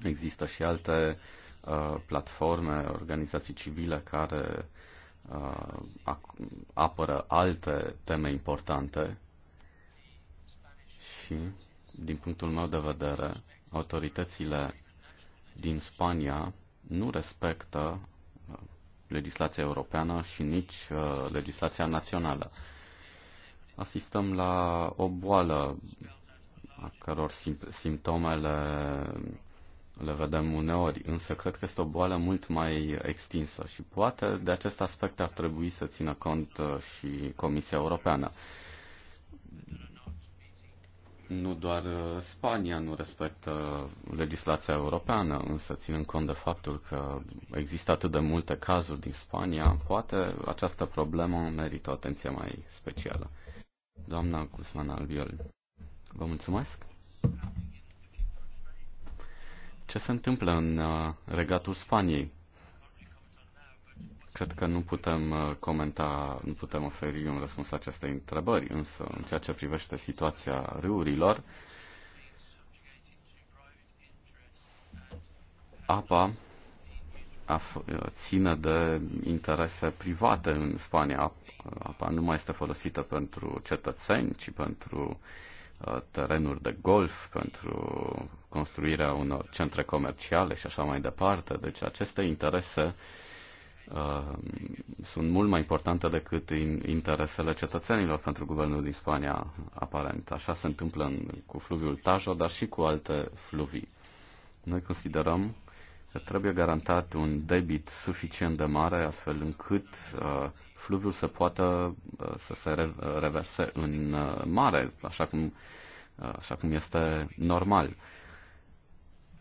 Există și alte uh, platforme, organizații civile care uh, apără alte teme importante și, din punctul meu de vedere, autoritățile din Spania nu respectă uh, legislația europeană și nici uh, legislația națională. Asistăm la o boală a căror simptomele le vedem uneori, însă cred că este o boală mult mai extinsă și poate de acest aspect ar trebui să țină cont uh, și Comisia Europeană. Nu doar uh, Spania nu respectă legislația europeană, însă ținând cont de faptul că există atât de multe cazuri din Spania, poate această problemă merită o atenție mai specială. Doamna Guzman Albiol, vă mulțumesc! ce se întâmplă în uh, regatul Spaniei. Cred că nu putem uh, comenta, nu putem oferi un răspuns la aceste întrebări, însă în ceea ce privește situația râurilor, apa uh, ține de interese private în Spania. Apa nu mai este folosită pentru cetățeni, ci pentru uh, Uh, terenuri de golf, pentru construirea unor centre comerciale și așa mai departe. Deci aceste interese uh, sunt mult mai importante decât interesele cetățenilor pentru guvernul din Spania, aparent. Așa se întâmplă în, cu fluviul Tajo, dar și cu alte fluvii. Noi considerăm că trebuie garantat un debit suficient de mare, astfel încât uh, fluviul să poată uh, să se uh, reverse în uh, mare, așa cum, așa cum este normal.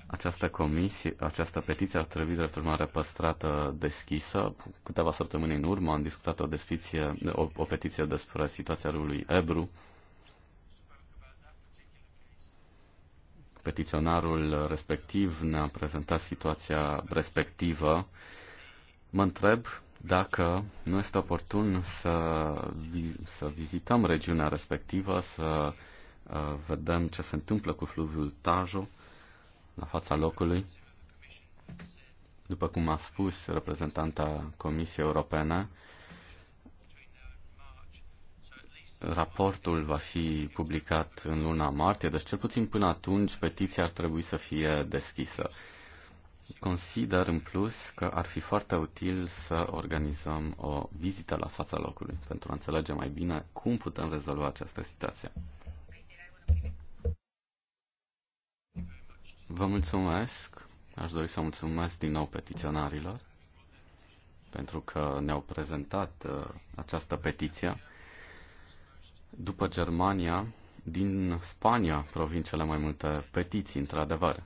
Această comisie, această petiție ar trebui drept urmare păstrată deschisă. Câteva săptămâni în urmă am discutat o, despiție, o, o petiție despre situația lui Ebru. Petiționarul respectiv ne-a prezentat situația respectivă. Mă întreb dacă nu este oportun să, să vizităm regiunea respectivă, să uh, vedem ce se întâmplă cu fluviul Tajo la fața locului. După cum a spus reprezentanta Comisiei Europene, raportul va fi publicat în luna martie, deci cel puțin până atunci petiția ar trebui să fie deschisă. Consider în plus că ar fi foarte util să organizăm o vizită la fața locului pentru a înțelege mai bine cum putem rezolva această situație. Vă mulțumesc. Aș dori să mulțumesc din nou petiționarilor pentru că ne-au prezentat uh, această petiție. După Germania, din Spania provin cele mai multe petiții, într-adevăr.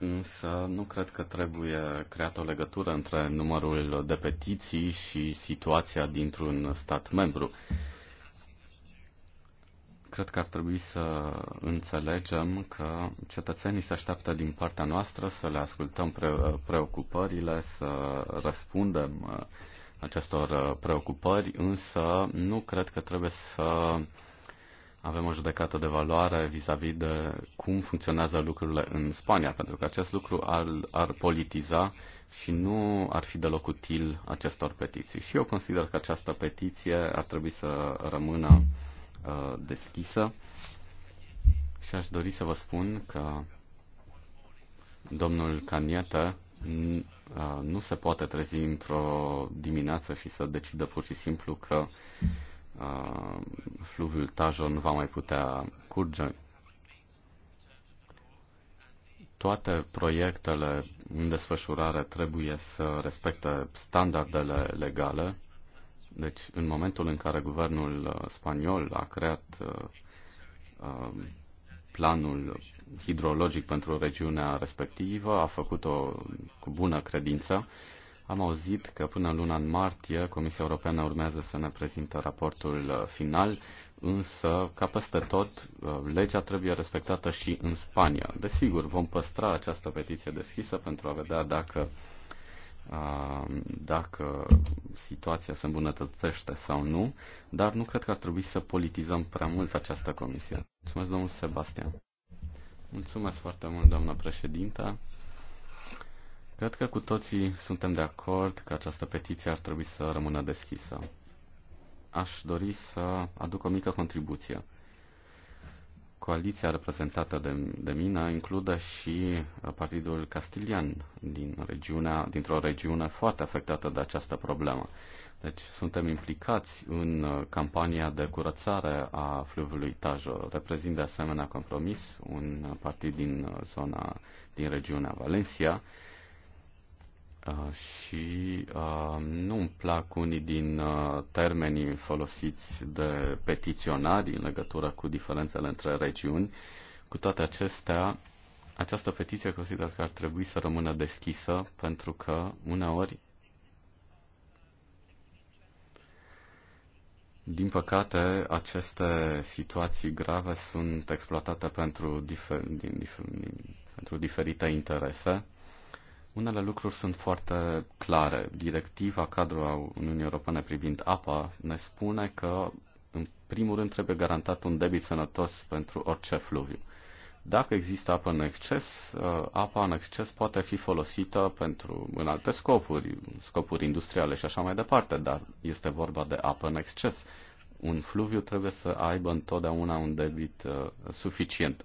Însă nu cred că trebuie creată o legătură între numărul de petiții și situația dintr-un stat membru. Cred că ar trebui să înțelegem că cetățenii se așteaptă din partea noastră să le ascultăm pre- preocupările, să răspundem uh, acestor uh, preocupări, însă nu cred că trebuie să avem o judecată de valoare vis-a-vis -vis de cum funcționează lucrurile în Spania, pentru că acest lucru ar, ar politiza și nu ar fi deloc util acestor petiții. Și eu consider că această petiție ar trebui să rămână uh, deschisă și aș dori să vă spun că domnul Caniete uh, nu se poate trezi într-o dimineață și să decidă pur și simplu că uh, uh, fluviul nu va mai putea curge. Toate proiectele în desfășurare trebuie să respecte standardele legale. Deci, în momentul în care guvernul uh, spaniol a creat uh, uh, planul hidrologic pentru regiunea respectivă, a făcut-o cu bună credință am auzit că până luna în martie Comisia Europeană urmează să ne prezintă raportul uh, final, însă, ca peste tot, uh, legea trebuie respectată și în Spania. Desigur, vom păstra această petiție deschisă pentru a vedea dacă, uh, dacă situația se îmbunătățește sau nu, dar nu cred că ar trebui să politizăm prea mult această comisie. Mulțumesc, domnul Sebastian. Mulțumesc foarte mult, doamna președintă. Cred că cu toții suntem de acord că această petiție ar trebui să rămână deschisă. Aș dori să aduc o mică contribuție. Coaliția reprezentată de, de mine include și uh, Partidul Castilian din regiunea, dintr-o regiune foarte afectată de această problemă. Deci suntem implicați în uh, campania de curățare a fluviului Tajo. Reprezint de asemenea Compromis, un uh, partid din zona, din regiunea Valencia, și nu îmi plac unii din termenii folosiți de petiționari în legătură cu diferențele între regiuni. Cu toate acestea, această petiție consider că ar trebui să rămână deschisă pentru că uneori, din păcate, aceste situații grave sunt exploatate pentru, difer- din, din, din, pentru diferite interese unele lucruri sunt foarte clare. Directiva cadru a Uniunii Europene privind apa ne spune că, în primul rând, trebuie garantat un debit sănătos pentru orice fluviu. Dacă există apă în exces, uh, apa în exces poate fi folosită pentru în alte scopuri, scopuri industriale și așa mai departe, dar este vorba de apă în exces. Un fluviu trebuie să aibă întotdeauna un debit uh, suficient.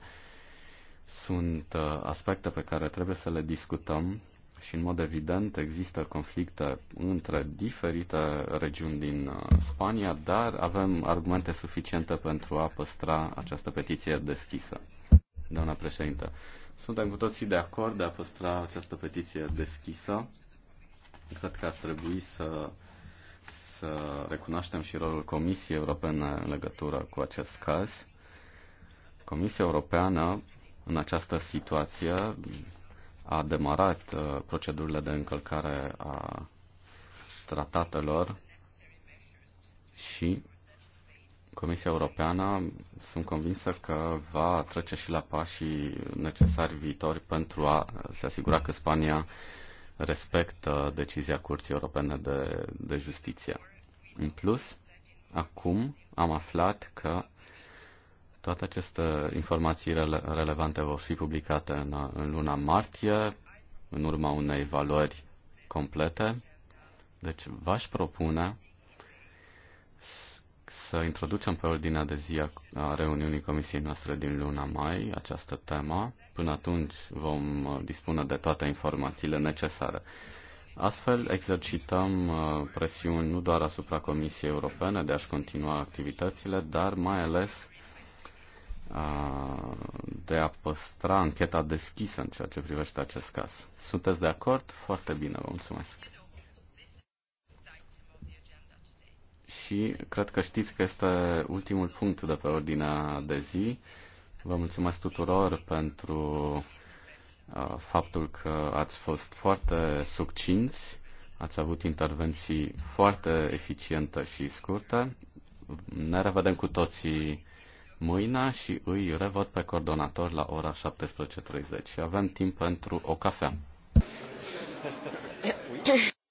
Sunt uh, aspecte pe care trebuie să le discutăm și în mod evident există conflicte între diferite regiuni din uh, Spania, dar avem argumente suficiente pentru a păstra această petiție deschisă. Doamna președintă, suntem cu toții de acord de a păstra această petiție deschisă. Cred că ar trebui să, să recunoaștem și rolul Comisiei Europene în legătură cu acest caz. Comisia Europeană în această situație a demarat uh, procedurile de încălcare a tratatelor și Comisia Europeană sunt convinsă că va trece și la pașii necesari viitori pentru a se asigura că Spania respectă decizia Curții Europene de, de Justiție. În plus, acum am aflat că toate aceste informații rele- relevante vor fi publicate în, în luna martie, în urma unei valori complete. Deci v-aș propune să introducem pe ordinea de zi a reuniunii comisiei noastre din luna mai această temă. Până atunci vom uh, dispune de toate informațiile necesare. Astfel, exercităm uh, presiuni nu doar asupra Comisiei Europene de a-și continua activitățile, dar mai ales de a păstra ancheta deschisă în ceea ce privește acest caz. Sunteți de acord? Foarte bine, vă mulțumesc. Și cred că știți că este ultimul punct de pe ordinea de zi. Vă mulțumesc tuturor pentru faptul că ați fost foarte succinți, ați avut intervenții foarte eficiente și scurte. Ne revedem cu toții mâine și îi revăd pe coordonator la ora 17.30. Avem timp pentru o cafea.